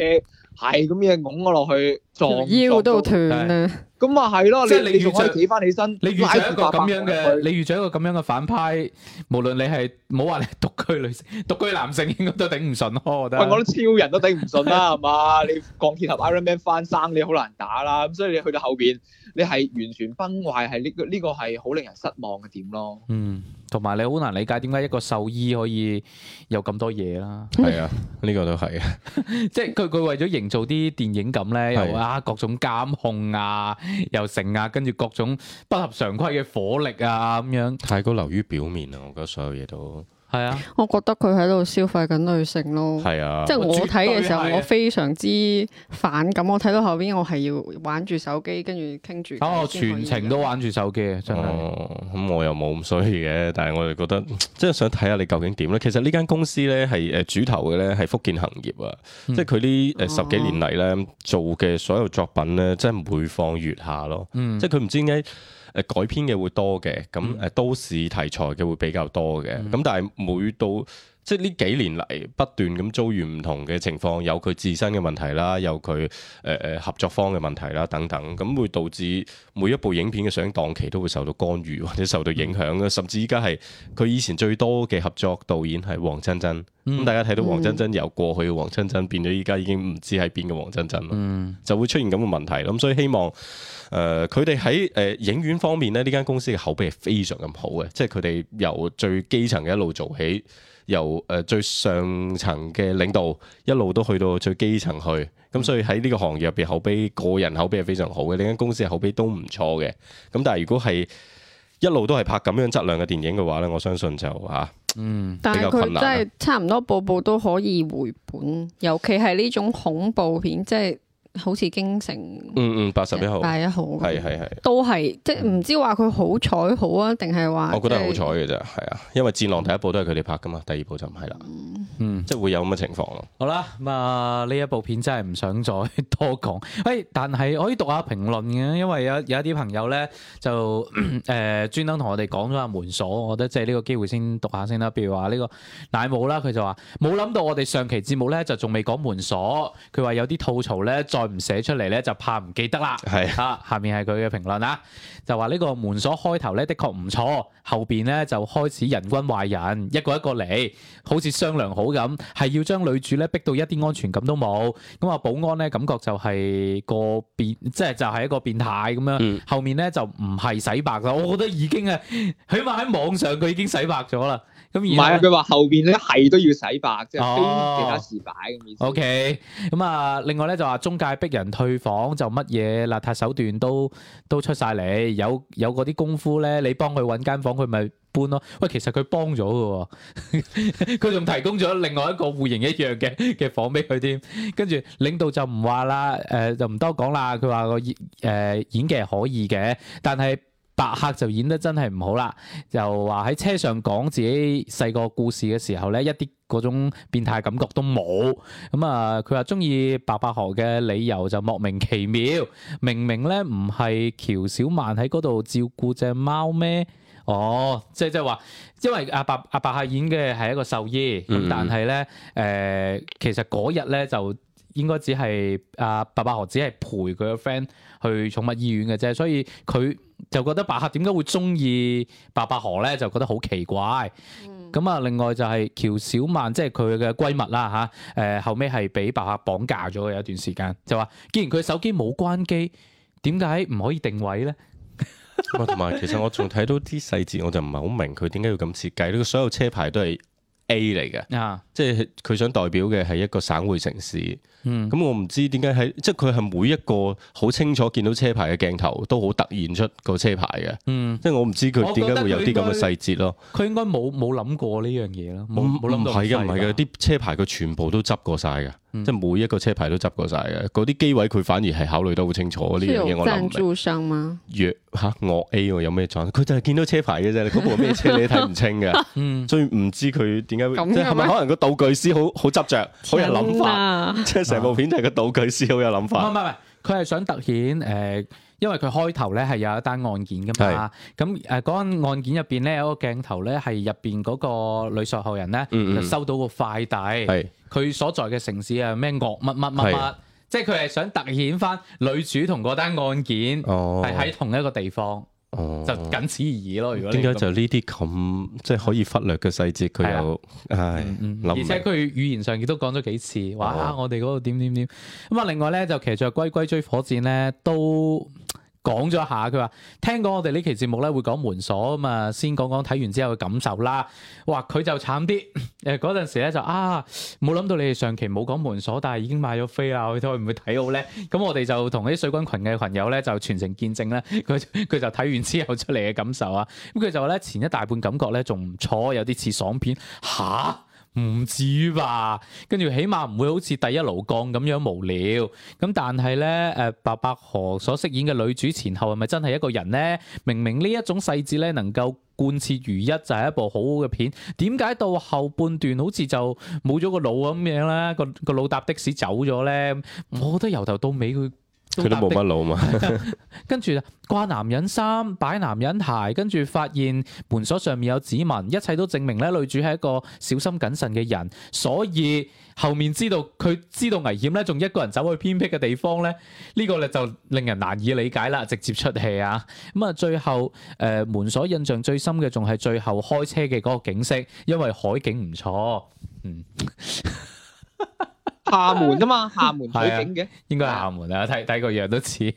係咁樣拱我落去撞，撞腰都斷啊！ *laughs* 咁啊，係咯！即係你仲可以企翻起身，你遇著一個咁樣嘅，你遇著一個咁樣嘅反派，無論你係冇話你獨居女性、獨居男性，應該都頂唔順咯。我覺得，喂我覺得超人都頂唔順啦，係嘛？ *laughs* 你鋼鐵俠 Iron Man 翻生，你好難打啦。咁所以你去到後邊，你係完全崩壞，係呢、呢個呢個係好令人失望嘅點咯。嗯，同埋你好難理解點解一個獸醫可以有咁多嘢啦？係 *laughs* 啊，呢、呢個都係啊。 *laughs* 即係佢佢為咗營造啲電影感咧，又啊各種監控啊。又成啊，跟住各種不合常規嘅火力啊，咁樣太過流於表面啦，我覺得所有嘢都。係啊，我覺得佢喺度消費緊女性咯。係啊，即係我睇嘅時候，我非常之反感。我睇到後邊，我係要玩住手機，跟住傾住。哦，全程都玩住手機啊，真係。咁、哦嗯、我又冇咁所衰嘅，但係我哋覺得即係想睇下你究竟點咧？其實呢間公司咧係誒主投嘅咧，係福建行業啊。嗯、即係佢呢，誒十幾年嚟咧做嘅所有作品咧，即係每況愈下咯。嗯、即係佢唔知點解。誒改編嘅會多嘅，咁誒都市題材嘅會比較多嘅，咁、嗯、但係每度即係呢幾年嚟不斷咁遭遇唔同嘅情況，有佢自身嘅問題啦，有佢誒誒合作方嘅問題啦，等等，咁會導致每一部影片嘅上檔期都會受到干預或者受到影響嘅，甚至依家係佢以前最多嘅合作導演係黃真真。咁、嗯、大家睇到黃真真由過去嘅黃真真變咗依家已經唔知係邊個黃真真咯，嗯、就會出現咁嘅問題。咁所以希望誒佢哋喺誒影院方面咧，呢間公司嘅口碑係非常咁好嘅，即係佢哋由最基層嘅一路做起。由誒最上層嘅領導一路都去到最基層去，咁所以喺呢個行業入邊口碑個人口碑係非常好嘅，另一間公司嘅口碑都唔錯嘅。咁但係如果係一路都係拍咁樣質量嘅電影嘅話咧，我相信就嚇，嗯，比較困難。但係佢真係差唔多部部都可以回本，尤其係呢種恐怖片，即係。好似京城，嗯嗯，八十一號，八一號，係係係，都係即係唔知話佢好彩好啊，定係話？我覺得係好彩嘅啫，係啊，因為戰狼第一部都係佢哋拍噶嘛，嗯、第二部就唔係啦，嗯，即係會有咁嘅情況咯。好啦，咁啊呢一部片真係唔想再多講，誒，但係可以讀下評論嘅，因為有有一啲朋友咧就誒專登同我哋講咗下門鎖，我覺得即係呢個機會先讀下先啦。譬如話呢個奶母啦，佢就話冇諗到我哋上期節目咧就仲未講門鎖，佢話有啲吐槽咧再唔寫出嚟，咧，就怕唔記得啦。係是的 啊，下面係佢嘅評論啊，就話呢個門鎖開頭咧的確唔錯，後邊咧就開始人均壞人，一個一個嚟，好似商量好咁，係要將女主咧逼到一啲安全感都冇。咁啊，保安咧感覺就係個變，即係就係、是、一個變態咁樣。後面咧就唔係洗白啦，我覺得已經啊，起碼喺網上佢已經洗白咗啦。唔係啊！佢話後邊咧係都要洗白，即係非其他事擺咁意思。OK，咁啊，另外咧就話中介逼人退房就，就乜嘢邋遢手段都都出晒嚟。有有嗰啲功夫咧，你幫佢揾間房，佢咪搬咯。喂，其實佢幫咗嘅，佢 *laughs* 仲提供咗另外一個戶型一樣嘅嘅房俾佢添。跟住領導就唔話啦，誒、呃，就唔多講啦。佢話個誒演技係可以嘅，但係。白客就演得真係唔好啦，就話喺車上講自己細個故事嘅時候咧，一啲嗰種變態感覺都冇。咁、嗯、啊，佢話鍾意白百何嘅理由就莫名其妙，明明咧唔係喬小曼喺嗰度照顧隻貓咩？哦，即即係話，因為阿白阿白客演嘅係一個獸醫，嗯嗯但係咧誒，其實嗰日咧就。應該只係阿白百何只係陪佢個 friend 去寵物醫院嘅啫，所以佢就覺得白客點解會中意白百何咧，就覺得好奇怪。咁啊、嗯，另外就係喬小曼，即係佢嘅閨蜜啦吓，誒、啊呃、後尾係俾白客綁架咗嘅有一段時間，就話既然佢手機冇關機，點解唔可以定位咧？啊， *laughs* 同埋其實我仲睇到啲細節，我就唔係好明佢點解要咁設計。呢個所有車牌都係 A 嚟嘅，啊、即係佢想代表嘅係一個省會城市。咁、嗯、我唔知點解喺，即係佢係每一個好清楚見到車牌嘅鏡頭，都好突現出個車牌嘅。嗯、即係我唔知佢點解會有啲咁嘅細節咯。佢應該冇冇諗過呢樣嘢咯。冇冇諗到，唔唔係嘅，唔係嘅，啲車牌佢全部都執過晒嘅。即係每一個車牌都執過晒嘅，嗰啲機位佢反而係考慮得好清楚呢樣嘢。我諗贊助商嘛，若吓我、啊、A，我有咩裝？佢就係見到車牌嘅啫，嗰 *laughs* 部咩車你都睇唔清嘅， *laughs* 嗯、所以唔知佢點解。咁樣！係咪可能個道具師好好執着，好有諗法？啊、即係成部片係個道具師好有諗法。唔係唔係，佢係想凸顯誒。呃因為佢開頭咧係有一單案件㗎嘛，咁誒嗰單案件入邊咧有一個鏡頭咧係入邊嗰個女受害人咧、嗯嗯、就收到個快遞，佢是所在嘅城市係咩鄂乜乜乜乜，是即係佢係想突顯翻女主同嗰單案件係喺、哦、同一個地方。哦、就僅此而已咯。如果點解就呢啲咁即係可以忽略嘅細節，佢又係諗？而且佢語言上亦都講咗幾次，話啊、哦，我哋嗰度點點點。咁啊，另外咧就其實就係龜龜追火箭咧都。講咗一下，佢話聽講我哋呢期節目咧會講門鎖吖嘛，先講講睇完之後嘅感受啦。哇，佢就慘啲，誒嗰陣時咧就啊，冇諗到你哋上期冇講門鎖，但係已經買咗飛啦。佢會唔會睇好咧？咁我哋就同啲水軍群嘅朋友咧就全程見證咧，佢佢就睇完之後出嚟嘅感受啊。咁佢就話咧前一大半感覺咧仲唔錯，有啲似爽片嚇。唔至於吧，跟住起碼唔會好似第一爐鋼咁樣無聊。咁但係咧，誒白百何所飾演嘅女主前後係咪真係一個人呢？明明呢一種細節咧能夠貫徹如一，就係一部好好嘅片。點解到後半段好似就冇咗個腦咁樣啦？個個腦搭的士走咗咧，我覺得由頭到尾佢。佢都冇乜腦嘛， *laughs* *laughs* 跟住掛男人衫，擺男人鞋，跟住發現門鎖上面有指紋，一切都證明咧，女主係一個小心謹慎嘅人，所以後面知道佢知道危險咧，仲一個人走去偏僻嘅地方咧，呢、呢個咧就令人難以理解啦，直接出戲啊！咁啊，最後誒、呃、門鎖印象最深嘅仲係最後開車嘅嗰個景色，因為海景唔錯。嗯 *laughs* 廈門啊嘛，廈門取景嘅，應該係廈門啊，睇睇個樣都似，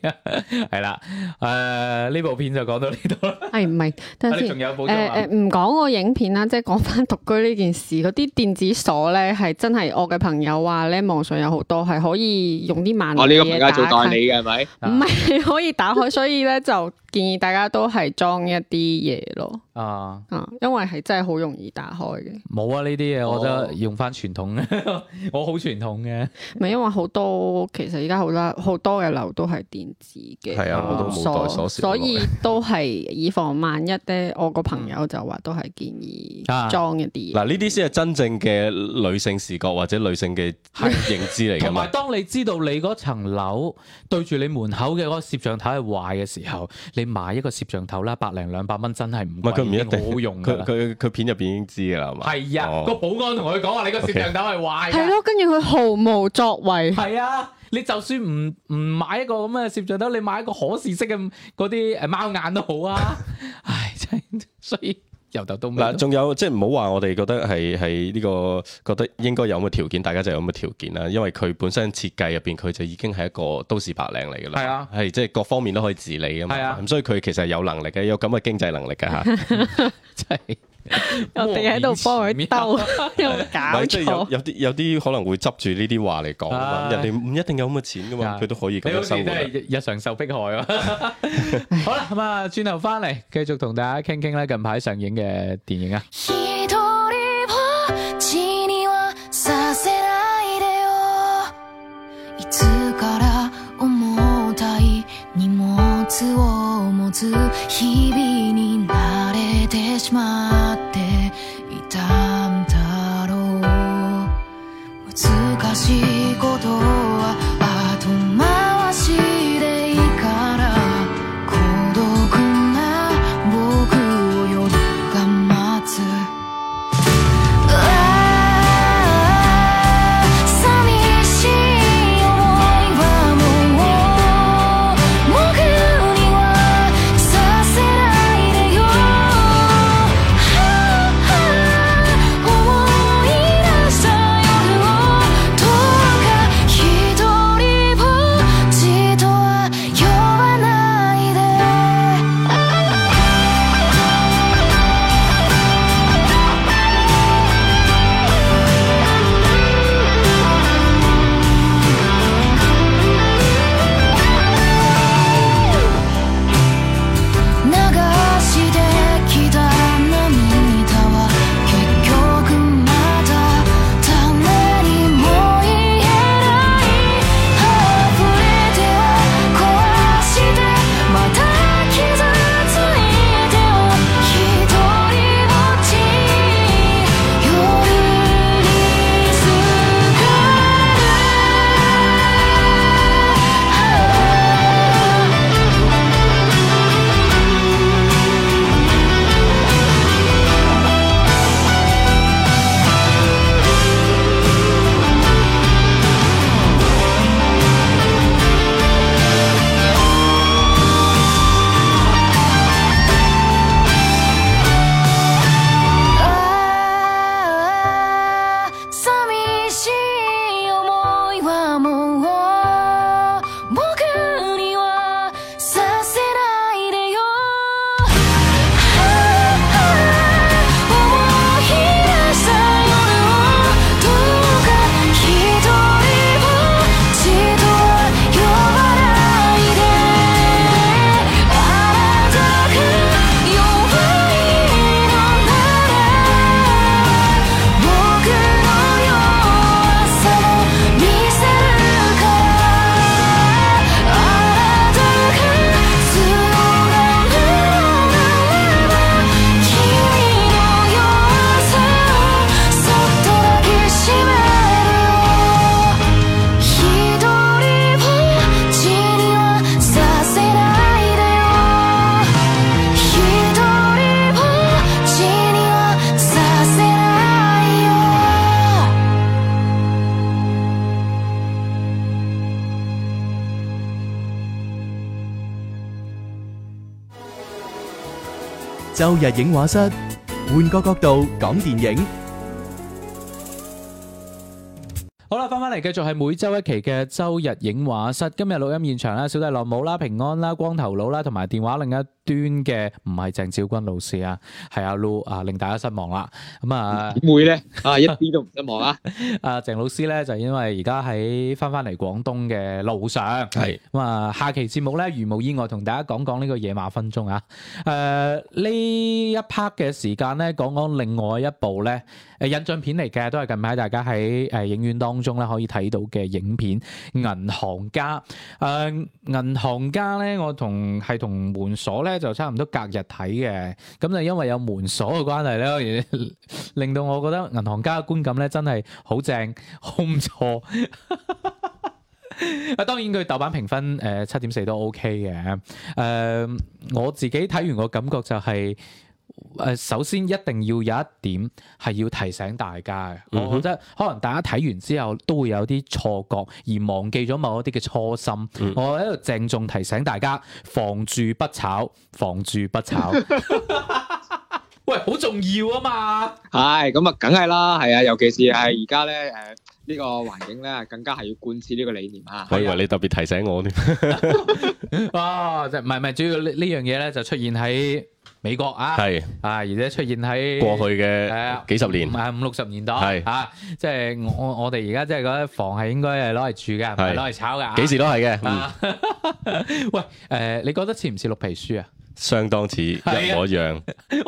係 *laughs* 啦，誒、呃，呢部片就講到呢度啦。係唔係？等等，但仲有下先。誒誒、呃，唔講個影片啦，即係講翻獨居呢件事。嗰啲電子鎖咧，係真係我嘅朋友話咧，網上有好多係可以用啲萬能嘢打開。我呢、啊這個而家做代理嘅，係咪？唔係、啊、 *laughs* 可以打開，所以咧就。 *laughs* 建議大家都係裝一啲嘢咯，啊啊，因為係真係好容易打開嘅。冇啊，呢啲嘢我覺得用翻傳統嘅， *laughs* 我好傳統嘅。咪因為好多其實而家好多好多嘅樓都係電子嘅。係啊、嗯，所以我都冇代鎖匙，所以都係以防萬一咧。我個朋友就話都係建議裝一啲。嗱呢啲先係真正嘅女性視覺、嗯、或者女性嘅認知嚟嘅。同埋 *laughs* 當你知道你嗰層樓對住你門口嘅嗰個攝像頭係壞嘅時候，你。買一個攝像頭啦，百零兩百蚊真係唔係，佢唔一定好用，佢佢佢片入邊已經知啦，係嘛？係啊！個、哦、保安同佢講話你個攝像頭係壞嘅。係咯 Okay.，跟住佢毫無作為。係 *laughs* 啊，你就算唔唔買一個咁嘅攝像頭，你買一個可視式嘅嗰啲，誒、貓眼都好啊。唉，真係所以。由頭到嗱，仲有即係唔好話，我哋覺得係係呢個覺得應該有咁嘅條件，大家就有咁嘅條件啦。因為佢本身設計入邊，佢就已經係一個都市白領嚟噶啦。係啊的，係即係各方面都可以自理嘅嘛。係啊的，咁所以佢其實有能力嘅，有咁嘅經濟能力嘅嚇。即係。我哋喺度幫佢兜，又假，即係。有啲有啲可能會執住呢啲話嚟講啊嘛，人哋唔一定有咁嘅錢噶嘛，佢都可以咁樣受。你好似真係日日常受迫害啊！好啦，咁啊，轉頭翻嚟繼續同大家傾傾咧，近排上映嘅電影啊。周日映畫室，換個角度講電影。繼續係每周一期嘅周日映畫室，今日錄音現場啦，小弟落帽啦，平安啦，光頭佬啦，同埋電話另一端嘅唔係鄭少君老師啊，係阿 Lu 啊，令大家失望啦。咁啊，點會咧？啊，一啲都唔失望啊！啊，鄭老師咧就因為而家喺翻翻嚟廣東嘅路上，係咁啊，下期節目咧如無意外同大家講講呢個野馬分鐘啊。誒，呢一 part 嘅時間咧，講講另外一部咧誒，引進片嚟嘅，都係近排大家喺誒影院當中咧可以。睇到嘅影片《銀行家》誒、呃，《銀行家》咧，我同係同門鎖咧就差唔多隔日睇嘅，咁就因為有門鎖嘅關係咧， *laughs* 令到我覺得《銀行家》嘅觀感咧真係好正，好唔錯。啊， *laughs* 當然佢豆瓣評分誒七點四都 OK 嘅。誒、呃，我自己睇完個感覺就係、是。誒，首先一定要有一點係要提醒大家嘅，嗯、哼我覺得可能大家睇完之後都會有啲錯覺，而忘記咗某一啲嘅初心。嗯、我喺度鄭重提醒大家，房住不炒，房住不炒。 *laughs* 喂，好重要啊嘛！係咁啊，梗係啦，係啊，尤其是係而家咧，誒，呢個環境咧，更加係要貫徹呢個理念啊！我以為你特別提醒我添。啊、 *laughs* *laughs* 哦，就唔係唔係，主要呢呢樣嘢咧就出現喺。美國啊，係啊是，而且出現喺過去嘅幾十年，唔係五,五六十年代是啊，即、就、係、是、我我哋而家即係嗰啲房係應該係攞嚟住㗎，唔係攞嚟炒㗎。幾時都係嘅。啊、 *laughs* 喂，誒、呃，你覺得似唔似綠皮書啊？相當似一模一樣。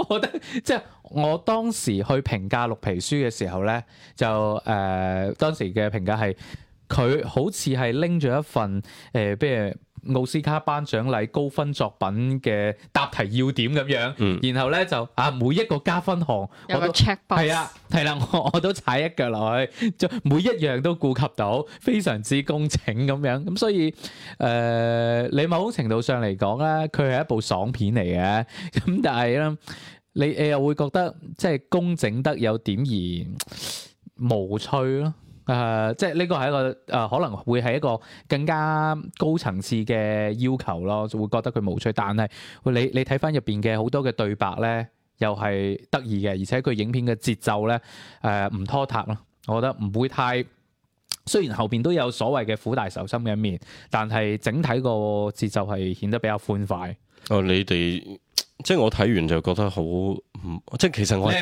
我覺得即係我當時去評價綠皮書嘅時候咧，就誒、呃、當時嘅評價係佢好似係拎咗一份誒、呃、譬如。奧斯卡頒獎禮高分作品嘅答題要點咁樣，然後咧就啊每一個加分項，有個 check box 係啊，係啦，我我都踩一腳落去，就每一樣都顧及到，非常之工整咁樣。咁所以誒，你某程度上嚟講咧，佢係一部爽片嚟嘅。咁但係咧，你又會覺得即係工整得有點兒無趣咯。誒、呃，即係呢個係一個誒、呃，可能會係一個更加高層次嘅要求咯，就會覺得佢無趣。但係、呃、你你睇翻入邊嘅好多嘅對白咧，又係得意嘅，而且佢影片嘅節奏咧，誒、呃、唔拖沓咯。我覺得唔會太，雖然後邊都有所謂嘅苦大仇深嘅一面，但係整體個節奏係顯得比較歡快。哦，你哋。即係我睇完就覺得好唔，即係其實我第一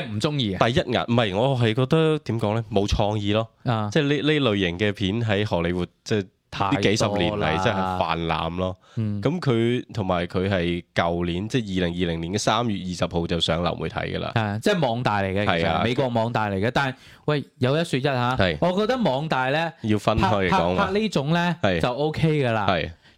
眼唔係，我係覺得點講咧？冇創意咯，即係呢呢類型嘅片喺荷里活，即係呢幾十年嚟即係泛濫咯。咁佢同埋佢係舊年，即係二零二零年嘅三月二十號就上流媒體㗎啦。即係網大嚟嘅，其實美國網大嚟嘅。但係喂，有一説一嚇，我覺得網大咧，要分開嚟講，拍拍呢種咧就 OK 噶啦。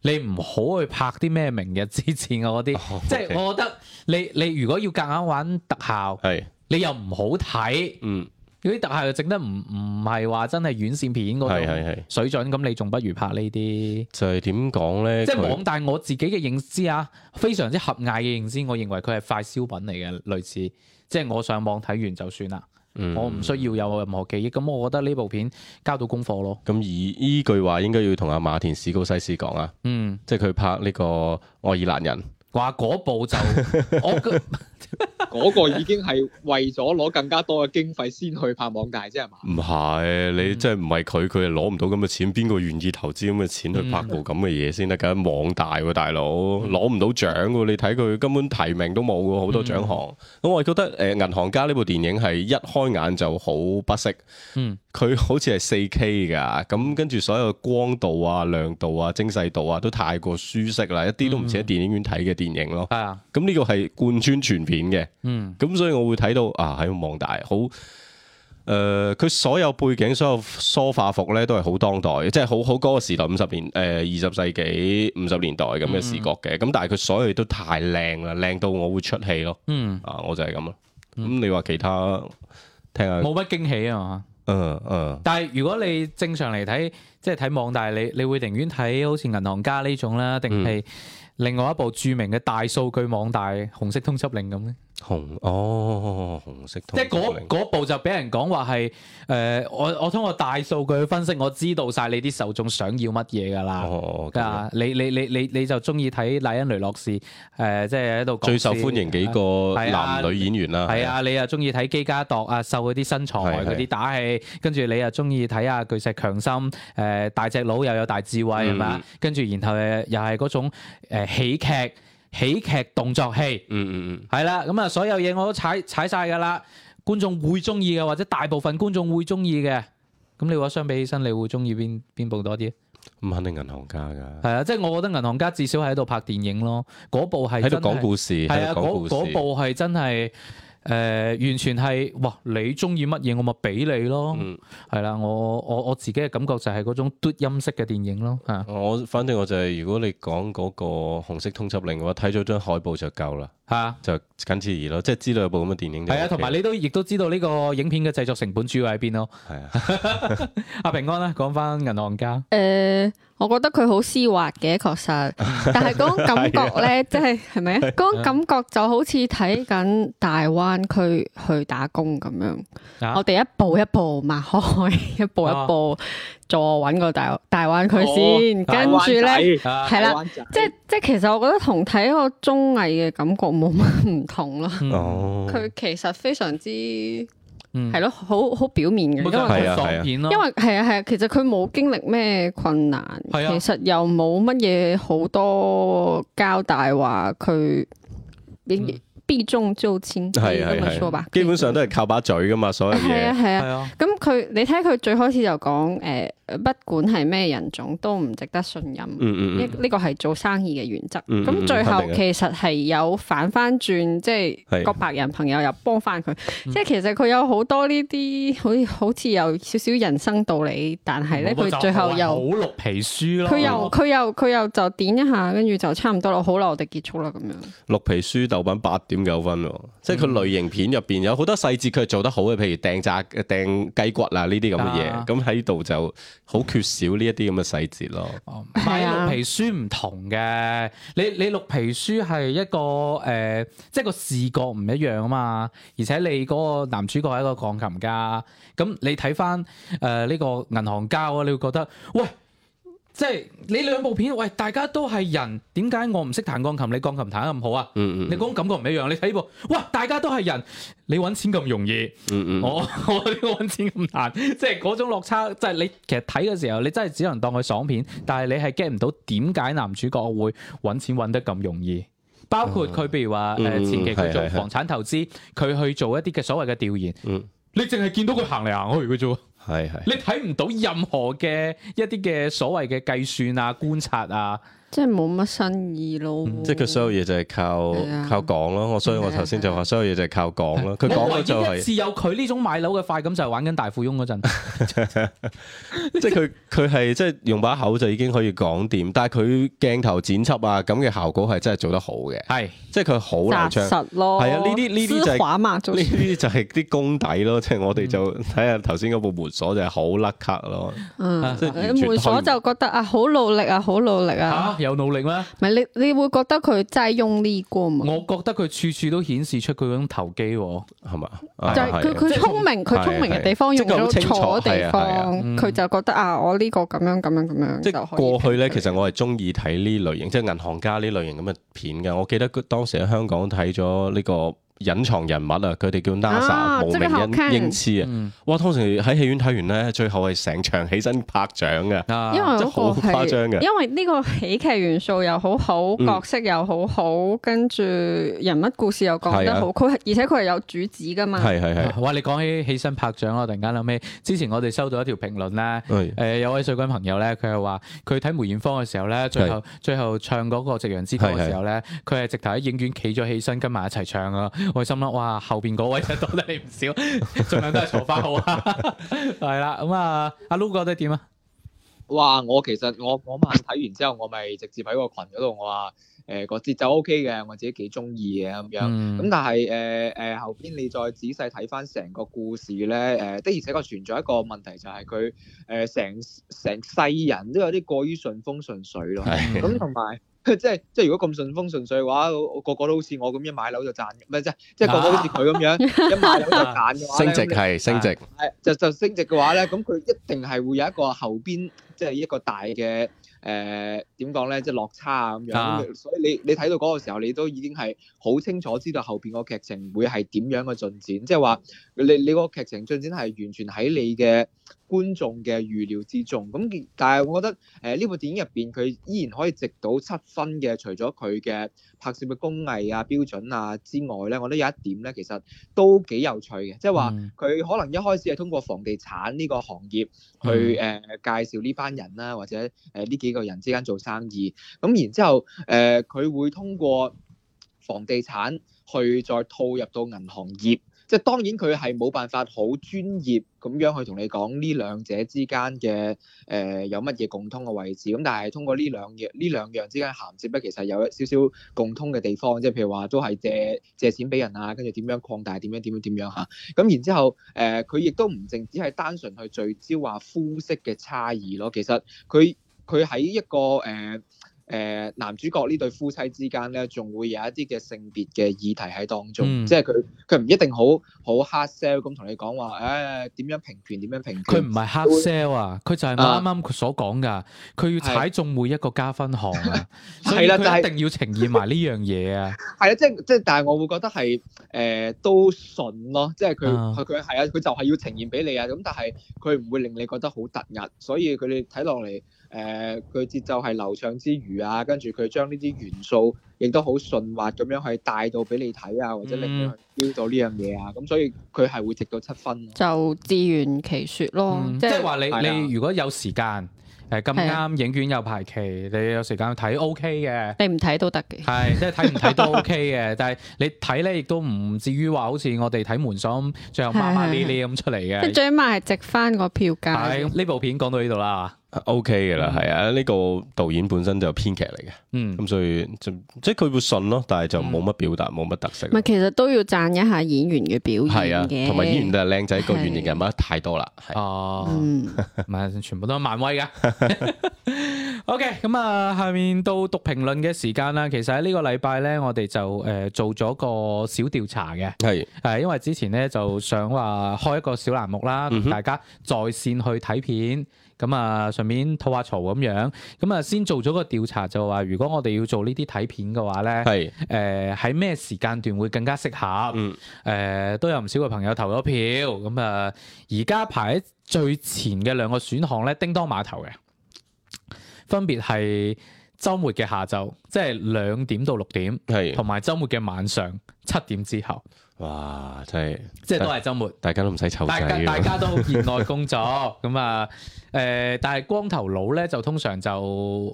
你唔好去拍啲咩明日之前啊，嗰啲，oh, okay. 即係我覺得你你如果要夾硬，硬玩特效，是你又唔好睇，嗰啲、嗯、特效又整得唔唔係話真係軟線片嗰種水準，咁你仲不如拍呢啲。就係點講咧？即係網大，我自己嘅認知啊，是非常之狹隘嘅認知，我認為佢係快消品嚟嘅，類似即係我上網睇完就算啦。我唔需要有任何記憶，咁我覺得呢部片交到功課咯。咁、嗯、而依句話應該要同阿馬田史高西斯講啊，嗯、即係佢拍呢個愛爾蘭人。話嗰部就，我嗰個已經係為咗攞更加多嘅經費先去拍網大，啫。係嘛是？唔係、嗯，你即係唔係佢？佢係攞唔到咁嘅錢，邊個願意投資咁嘅錢去拍部咁嘅嘢先得噶？嗯、網大喎、啊，大佬，攞唔到獎噶、啊，你睇佢根本提名都冇噶，好多獎項。咁、嗯、我係覺得，誒、呃，銀行家呢部電影係一開眼就不、嗯、好不識，佢好似係四 K 噶，咁跟住所有光度啊、亮度啊、精細度啊都太過舒適啦，一啲都唔似喺電影院睇嘅電影。嗯電影咯，係啊，咁呢個係貫穿全片嘅，嗯，咁、嗯、所以我會睇到啊喺《網大》好，誒、呃，佢所有背景、所有梳化服咧都係好當代，即係好好嗰個時代五十年，誒二十世紀五十年代咁嘅視覺嘅，咁、嗯、但係佢所有嘢都太靚啦，靚到我會出戲咯，嗯，啊，我就係咁咯，咁、嗯、你話其他聽下冇乜驚喜啊嘛，嗯嗯、呃，呃、但係如果你正常嚟睇，即係睇《網大》你，你你會寧願睇好似銀行家呢種啦，定係？嗯另外一部著名嘅大數據網大，紅色通緝令咁。紅哦，紅色通。即係嗰部就俾人講話係，誒，我我通過大數據分析，我知道晒你啲受眾想要乜嘢㗎啦。哦，係你你你你你就中意睇賴恩雷諾斯，誒，即係喺度。最受歡迎幾個男女演員啦。係啊，你又中意睇基家度啊，瘦嗰啲身材，嗰啲打戲，跟住你又中意睇下巨石強森，誒，大隻佬又有大智慧係咪啊？跟住然後誒又係嗰種喜劇。喜劇動作戲、嗯，嗯嗯嗯，係啦，咁啊所有嘢，我都踩踩晒噶啦，觀眾會中意嘅，或者大部分觀眾會中意嘅。咁你話相比起身，你會中意邊邊部多啲？唔肯定銀行家噶，係啊，即係我覺得銀行家至少喺度拍電影咯，嗰部係喺度講故事，係啊，嗰部係真係。誒、呃、完全係，哇！你中意乜嘢我咪俾你咯，係啦、嗯，我我我自己嘅感覺就係嗰種嘟音式嘅電影咯嚇、呃。我反正我就係、係，如果你講嗰個紅色通緝令嘅話，睇咗張海報就夠啦。係啊，就僅此而咯，即係、啊、知道有部咁嘅電影。係啊，同埋你都亦都知道呢個影片嘅製作成本主要喺邊咯。係啊，阿 *laughs* 平安咧、啊，講翻銀行家。誒、呃，我覺得佢好絲滑嘅，確實。但係嗰種感覺咧，即係係咪啊？嗰種感覺就好似睇緊大灣區去打工咁樣。啊、我哋一步一步邁開，一步一步、啊。做我揾個大大灣區先，哦、跟住咧係啦，啊、即即其實我覺得同睇個綜藝嘅感覺冇乜唔同咯。佢、嗯、其實非常之係咯，好好、嗯、表面嘅，因為佢當咯。因為係啊係啊，其實佢冇經歷咩困難，其實又冇乜嘢好多交代話佢必中招遷咁嘅說吧，基本上都係靠把嘴噶嘛，所以係啊係啊。咁佢你睇佢最開始就講誒，不管係咩人種都唔值得信任，呢呢個係做生意嘅原則。咁最後其實係有反翻轉，即係個白人朋友又幫翻佢。即係其實佢有好多呢啲好似好似有少少人生道理，但係咧佢最後又好綠皮書啦。佢又佢又佢又就點一下，跟住就差唔多啦，好啦，我哋結束啦咁樣。綠皮書豆瓣八點五九分喎，即係佢類型片入邊有好多細節佢係做得好嘅，譬如掟炸掟雞骨啊呢啲咁嘅嘢，咁喺度就好缺少呢一啲咁嘅細節咯。但係綠皮書唔同嘅的，你你綠皮書係一個誒、呃，即係個視覺唔一樣啊嘛，而且你嗰個男主角係一個鋼琴家，咁你睇翻誒呢個銀行家，你會覺得喂。即係你兩部片，喂，大家都係人，點解我唔識彈鋼琴，你鋼琴彈得咁好啊、嗯？嗯嗯。你嗰種感覺唔一樣，你睇部，哇，大家都係人，你揾錢咁容易，嗯嗯、我我揾錢咁難，嗯嗯、 *laughs* 即係嗰種落差，即係你其實睇嘅時候，你真係只能當佢爽片，但係你係 get 唔到點解男主角會揾錢揾得咁容易。包括佢譬如話，前期佢做房產投資，佢去做一啲嘅所謂嘅調研，嗯嗯、你淨係見到佢行嚟行去係係，你睇唔到任何嘅一啲嘅所謂嘅計算啊、觀察啊。即係冇乜新意咯，嗯，即係佢所有嘢就係靠，啊、靠講咯。我所以我頭先就話所有嘢就係靠講咯。佢講嘅就係有佢呢種買樓嘅快感，就係玩緊大富翁嗰陣 *laughs* 。即係佢佢係即係用把口就已經可以講掂。但係佢鏡頭剪輯啊咁嘅效果係真係做得好嘅。係是，即係佢好難實咯。係啊，呢啲呢啲就係畫嘛，呢啲就係啲功底咯。即係我哋就睇下頭先嗰部門鎖就係，是、好甩卡咯。嗯，門鎖就覺得啊，好努力啊，好努力啊。啊有努力咩？唔係你，你會覺得佢真係用呢個？我覺得佢處處都顯示出佢嗰種投機喎，係嘛？就係佢佢聰明，佢聰明嘅地方用咗錯地方，佢就覺得啊，我呢個咁樣咁樣咁樣就可以。即係過去咧，其實我係中意睇呢類型，即係銀行家呢類型咁嘅片嘅。我記得當時喺香港睇咗呢個。隱藏人物啊！佢哋叫 NASA 無名英英雌啊！哇！通常喺戲院睇完咧，最後係成場起身拍掌嘅，即係好誇張嘅。因為呢個喜劇元素又好好，角色又好好，跟住人物故事又講得好，佢而且佢係有主旨噶嘛。係係係。哇！你講起起身拍掌啊！突然間諗起之前我哋收到一條評論咧，誒有位水軍朋友咧，佢係話佢睇梅艷芳嘅時候咧，最後最後唱嗰個《夕陽之歌》嘅時候咧，佢係直頭喺影院企咗起身跟埋一齊唱啊！開心啦！哇，後邊嗰位真多得你唔少，盡 *laughs* 量都係坐翻好啊，係啦。咁啊，阿 Lu 覺得點啊？哇！我其實我嗰晚睇完之後，我咪直接喺個群嗰度，我話誒個節奏 OK 嘅，我自己幾中意嘅咁樣。咁、嗯、但係誒誒後邊你再仔細睇翻成個故事咧，誒、呃、的而且確存在一個問題，就係佢誒成成世人都有啲過於順風順水咯。咁同埋。嗯 *laughs* *laughs* 即係即係，如果咁順風順水嘅話，個個都好似我咁一買樓就賺嘅，唔係即係即係個個好似佢咁樣 *laughs* 一買樓就賺嘅話，升值係升值，係就就升值嘅話咧，咁佢一定係會有一個後邊即係、就是、一個大嘅誒點講咧，即係落差啊咁樣， *laughs* 所以你你睇到嗰個時候，你都已經係好清楚知道後邊個劇情會係點樣嘅進展，即係話你你個劇情進展係完全喺你嘅。觀眾嘅預料之中，咁但係我覺得誒呢、呃、部電影入邊佢依然可以值到七分嘅，除咗佢嘅拍攝嘅工藝啊標準啊之外咧，我覺得有一點咧，其實都幾有趣嘅，即係話佢可能一開始係通過房地產呢個行業去誒、呃、介紹呢班人啦、啊，或者誒呢、呃、幾個人之間做生意，咁、嗯嗯嗯、然之後誒佢、呃、會通過房地產去再套入到銀行業。即係當然佢係冇辦法好專業咁樣去同你講呢兩者之間嘅誒有乜嘢共通嘅位置，咁但係通過呢兩嘢呢兩樣之間嘅銜接咧，其實有一少少共通嘅地方，即係譬如話都係借借錢俾人啊，跟住點樣擴大，點樣點樣點樣嚇，咁然之後誒佢亦都唔淨只係單純去聚焦話膚色嘅差異咯，其實佢佢喺一個誒。呃誒、呃、男主角呢對夫妻之間咧，仲會有一啲嘅性別嘅議題喺當中，嗯、即係佢佢唔一定好好 hard sell 咁同你講話，誒點樣平權點樣平權。佢唔係 hard sell 啊，佢會就係啱啱佢所講噶，佢、啊、要踩中每一個加分項啊，的所以佢一定要呈現埋呢樣嘢啊。係啊， *laughs* 即係即係，但係我會覺得係誒、呃、都順咯，即係佢佢佢係啊，佢就係要呈現俾你啊，咁但係佢唔會令你覺得好突兀，所以佢哋睇落嚟。誒佢、呃、節奏係流暢之餘啊，跟住佢將呢啲元素亦都好順滑咁樣去帶到俾你睇啊，或者令到標到呢樣嘢啊，咁、呃、所以佢係會值到七分、啊。就自圓其說咯，嗯、即係話你、哎、呀 你如果有時間誒咁啱影院有排期，你有時間睇 OK 嘅，你唔睇都得嘅，係即係睇唔睇都 OK 嘅，但係你睇咧亦都唔至於話好似我哋睇門鎖咁，最後麻麻呢咧咁出嚟嘅。即、就是、最起碼係值翻個票價。呢部片講到呢度啦。 *coughs* O K 嘅啦，係啊、okay，呢、嗯、個導演本身就係編劇嚟嘅，咁、嗯、所以就即係佢會信咯，但係就冇乜表達，冇乜、嗯、特色。唔係，其實都要讚一下演員嘅表現嘅，同埋、啊、演員就係靚仔，個演員人物的太多啦，係哦，唔係、嗯、 *laughs* 全部都係漫威嘅。O K，咁啊，下面到讀評論嘅時間啦。其實喺呢個禮拜咧，我哋就誒、呃、做咗個小調查嘅，係係的，因為之前咧就想話開一個小欄目啦，大家在線去睇片。 *laughs* 咁啊，順便吐下槽咁樣，咁啊先做咗個調查，就話、是、如果我哋要做呢啲睇片嘅話咧，係誒喺咩時間段會更加適合？誒、嗯呃、都有唔少嘅朋友投咗票，咁啊而家排喺最前嘅兩個選項咧，叮噹碼頭嘅分別係周末嘅下晝，即係兩點到六點，係同埋周末嘅晚上七點之後。哇！真係即係都係周末，大家都唔使湊，大家大家都戶外工作咁啊。誒，但係光頭佬咧就通常就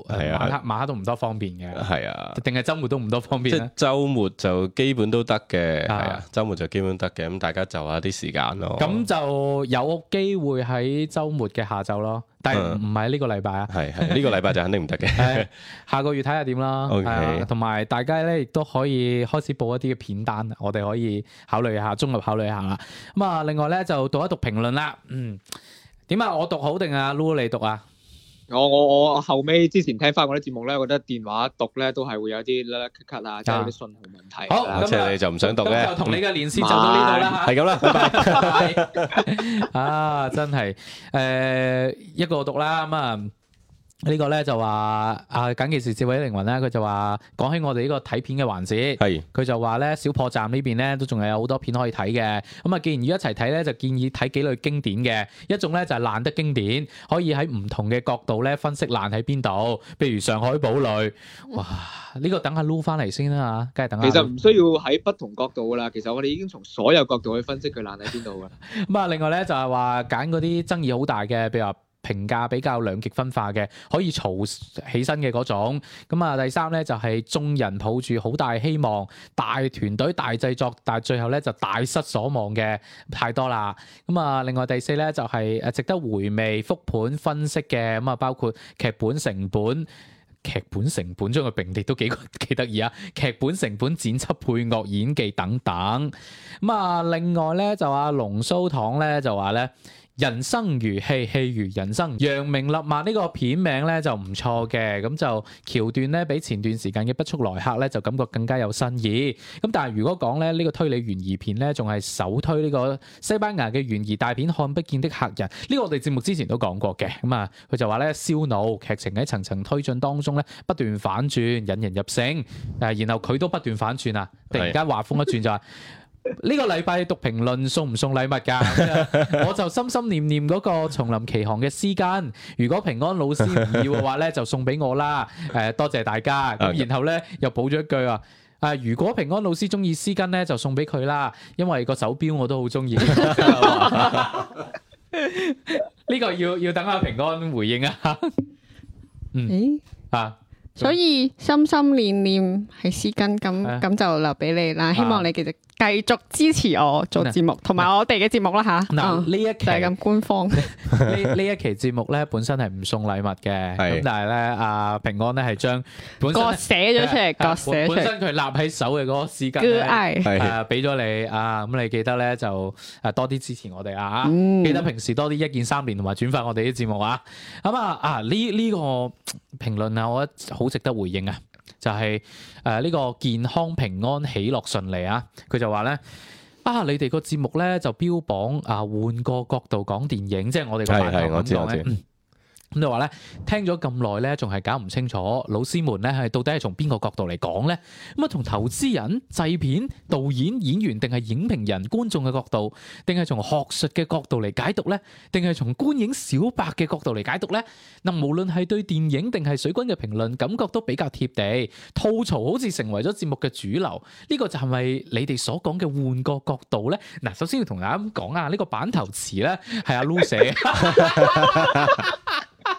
係啊，晚黑晚黑都唔多方便嘅。係啊，定係周末都唔多方便咧。即周末就基本都得嘅，係啊，周末就基本得嘅。咁大家就下啲時間咯。咁就有機會喺周末嘅下晝咯，但係唔係呢個禮拜啊？係係呢個禮拜就肯定唔得嘅。下個月睇下點啦。同埋大家咧亦都可以開始報一啲嘅片單，我哋可以。考慮下，綜合考慮下啦。咁啊，另外咧就讀一讀評論啦。嗯，點啊？我讀好定阿 Lulu 你讀啊？我我我後尾之前聽翻嗰啲節目咧，我覺得電話讀咧都係會有啲甩甩咳咳啊，即係啲信號問題。好，即係你就唔想讀嘅？就同你嘅連線就到呢度啦，係咁啦，拜拜。啊，真係，誒，一個讀啦，咁啊。個呢個咧就話啊，緊其時節位靈魂咧，佢就話講起我哋是呢個睇片嘅環節，佢就話咧小破站邊呢邊咧都仲係有好多片可以睇嘅。咁、嗯、啊，既然要一齊睇咧，就建議睇幾類經典嘅一種咧，就係、是、爛得經典，可以喺唔同嘅角度咧分析爛喺邊度。譬如《上海堡壘》，哇！呢、這個等下撈翻嚟先啦嚇，跟住等下。其實唔需要喺不同角度噶啦，其實我哋已經從所有角度去分析佢爛喺邊度噶。咁啊，另外咧就係話揀嗰啲爭議好大嘅，譬如話。評價比較兩極分化嘅，可以嘈起身嘅嗰種。咁啊，第三咧就係、是、眾人抱住好大希望，大團隊大製作，但係最後咧就大失所望嘅太多啦。咁啊，另外第四咧就係、是、誒值得回味覆盤分析嘅。咁啊，包括劇本成本、劇本成本將佢並列都幾幾得意啊。劇本成本、剪輯、配樂、演技等等。咁啊，另外咧就阿龍蘇糖咧就話咧。人生如戲，戲如人生。揚名立萬呢個片名咧就唔錯嘅，咁就橋段咧比前段時間嘅不速來客咧就感覺更加有新意。咁但係如果講咧呢個推理懸疑片咧，仲係首推呢個西班牙嘅懸疑大片《看不見的客人》。呢個我哋節目之前都講過嘅，咁啊佢就話咧燒腦，劇情喺層層推進當中咧不斷反轉，引人入勝。誒，然後佢都不斷反轉啊，突然間話風一轉就係。是 *laughs* 呢個禮拜讀評論送唔送禮物噶？ *laughs* 我就心心念念嗰個叢林奇航嘅絲巾，如果平安老師唔要嘅話咧，就送俾我啦。誒，多謝大家。咁然後咧又補咗一句啊，誒，如果平安老師中意絲巾咧，就送俾佢啦。因為個手錶我都好中意。呢 *laughs* *laughs* *laughs* 個要要等下平安回應啊。嗯。欸、啊，所以、嗯、心心念念係絲巾，咁咁、啊、就留俾你啦。希望你繼續、啊。啊 *laughs* 繼續支持我做節目，同埋我哋嘅節目啦吓。嗱呢、嗯嗯、一期咁官方，呢呢 *laughs* 一期節目咧本身係唔送禮物嘅，咁 *laughs* 但係咧阿平安咧係將個寫咗出嚟，個寫本身佢立起手嘅嗰個絲巾咧，誒俾咗你，啊咁你記得咧就誒多啲支持我哋啊，嗯、記得平時多啲一鍵三連同埋轉發我哋啲節目啊，咁啊啊呢呢個評論啊，啊啊這個這個、我覺得好值得回應啊！就係誒呢個健康平安喜樂順利啊！佢就話咧啊，你哋個節目咧就標榜啊換個角度講電影，即係我哋嘅版感咁樣。咁就話咧，聽咗咁耐咧，仲係搞唔清楚。老師們咧係到底係從邊個角度嚟講咧？咁啊，從投資人、製片、導演、演員，定係影評人、觀眾嘅角度，定係從學術嘅角度嚟解讀咧？定係從觀影小白嘅角度嚟解讀咧？嗱，無論係對電影定係水軍嘅評論，感覺都比較貼地，吐槽好似成為咗節目嘅主流。呢個就係咪你哋所講嘅換個角度咧？嗱，首先要同大家講啊，呢個板頭詞咧係阿 Lucy。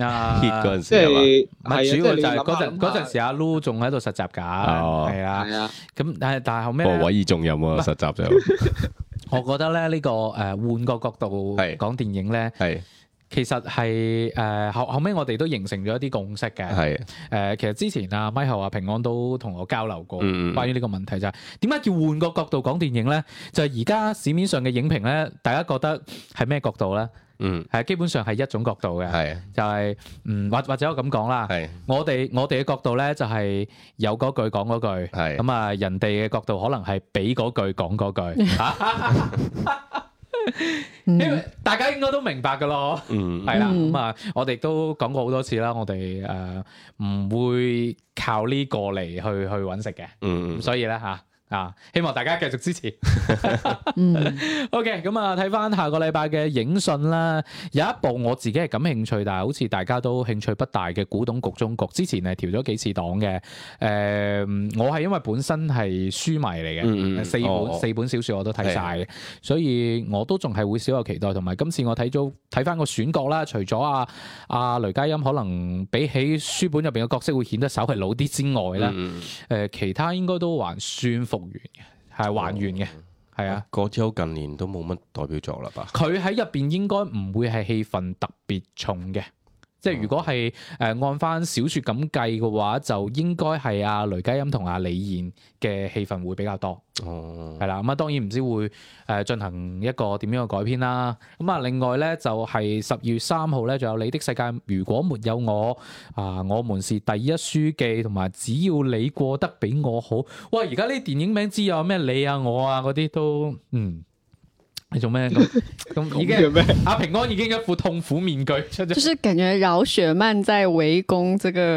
啊 h e t 嗰陣時啊嘛，主要就係嗰陣嗰陣時，阿 Lu 仲喺度實習噶，係啊，咁但係但係後尾，何偉義仲有冇實習？就我覺得咧呢個誒換個角度講電影咧，係其實係誒後後尾我哋都形成咗一啲共識嘅，係誒其實之前阿 Michael 啊平安都同我交流過，關於呢個問題就係點解叫換個角度講電影咧？就係而家市面上嘅影評咧，大家覺得係咩角度咧？嗯，係基本上係一種角度嘅，的就係、係、嗯，或或者我咁講啦，我哋我哋嘅角度咧就係有嗰句講嗰句，咁啊的人哋嘅角度可能係俾嗰句講嗰句，因 *laughs* *laughs* *laughs* 大家應該都明白噶咯，係啦、嗯，咁啊我哋都講過好多次啦，我哋誒唔會靠呢個嚟，去去搵食嘅，咁、嗯、所以咧吓。啊！希望大家繼續支持。O K，咁啊，睇翻、okay，下個禮拜嘅影訊啦。有一部我自己係感興趣，但係好似大家都興趣不大嘅古董局中局。之前係調咗幾次檔嘅。誒、呃，我係因為本身係書迷嚟嘅，嗯、四本、哦、四本小説我都睇晒。的所以我都仲係會少有期待。同埋今次我睇咗睇翻個選角啦，除咗阿阿雷佳音，可能比起書本入邊嘅角色會顯得稍微老啲之外咧，誒、嗯，其他應該都還算服復原嘅，係還原嘅，係、嗯、啊。葛超近年都冇乜代表作啦吧。佢喺入邊應該唔會係氣氛特別重嘅。即係如果係誒按翻小說咁計嘅話，就應該係阿雷佳音同阿李賢嘅戲份會比較多。哦、嗯，係啦，咁啊當然唔知會誒進行一個點樣嘅改編啦。咁啊另外咧就係十二月三號咧，仲有你的世界，如果沒有我啊，我們是第一書記，同埋只要你過得比我好。哇！而家呢啲電影名字有咩你啊我啊嗰啲都嗯。你做咩？咁已經咩？阿 *laughs* 麼、啊、平安已經一副痛苦面具出，出就是感覺饒雪漫在圍攻這個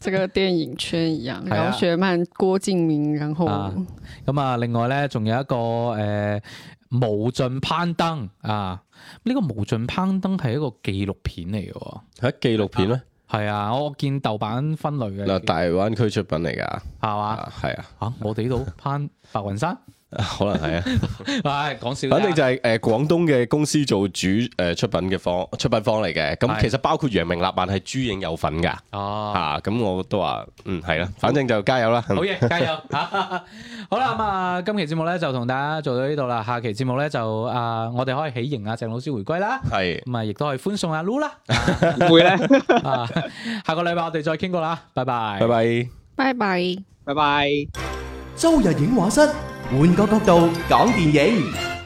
這個電影圈一樣。饒 *laughs* 雪漫、郭敬明，然後咁啊，另外咧仲有一個誒、呃、無盡攀登啊，呢、這個無盡攀登係一個紀錄片嚟嘅。係紀錄片咩？係啊，啊，我見豆瓣分類嘅嗱大灣區出品嚟噶，係嘛？係啊，啊我哋呢度攀白雲山。 *laughs* *laughs* 可能係啊，唉，講笑。反正就係誒，廣東嘅公司做主誒出品嘅方出品方嚟嘅。咁其實包括揚名立萬係珠影有份噶。哦，吓咁我都話，嗯係啦，反正就加油啦。好嘢，加油！好啦，咁啊，今期節目咧就同大家做到呢度啦。下期節目咧就啊，我哋可以喜迎阿鄭老師回歸啦。係，唔係亦都可以歡送阿 Loo 啦。會咧，啊，下個禮拜我哋再傾過啦。拜拜，拜拜，拜拜，拜拜，周日影畫室。換個角度講電影。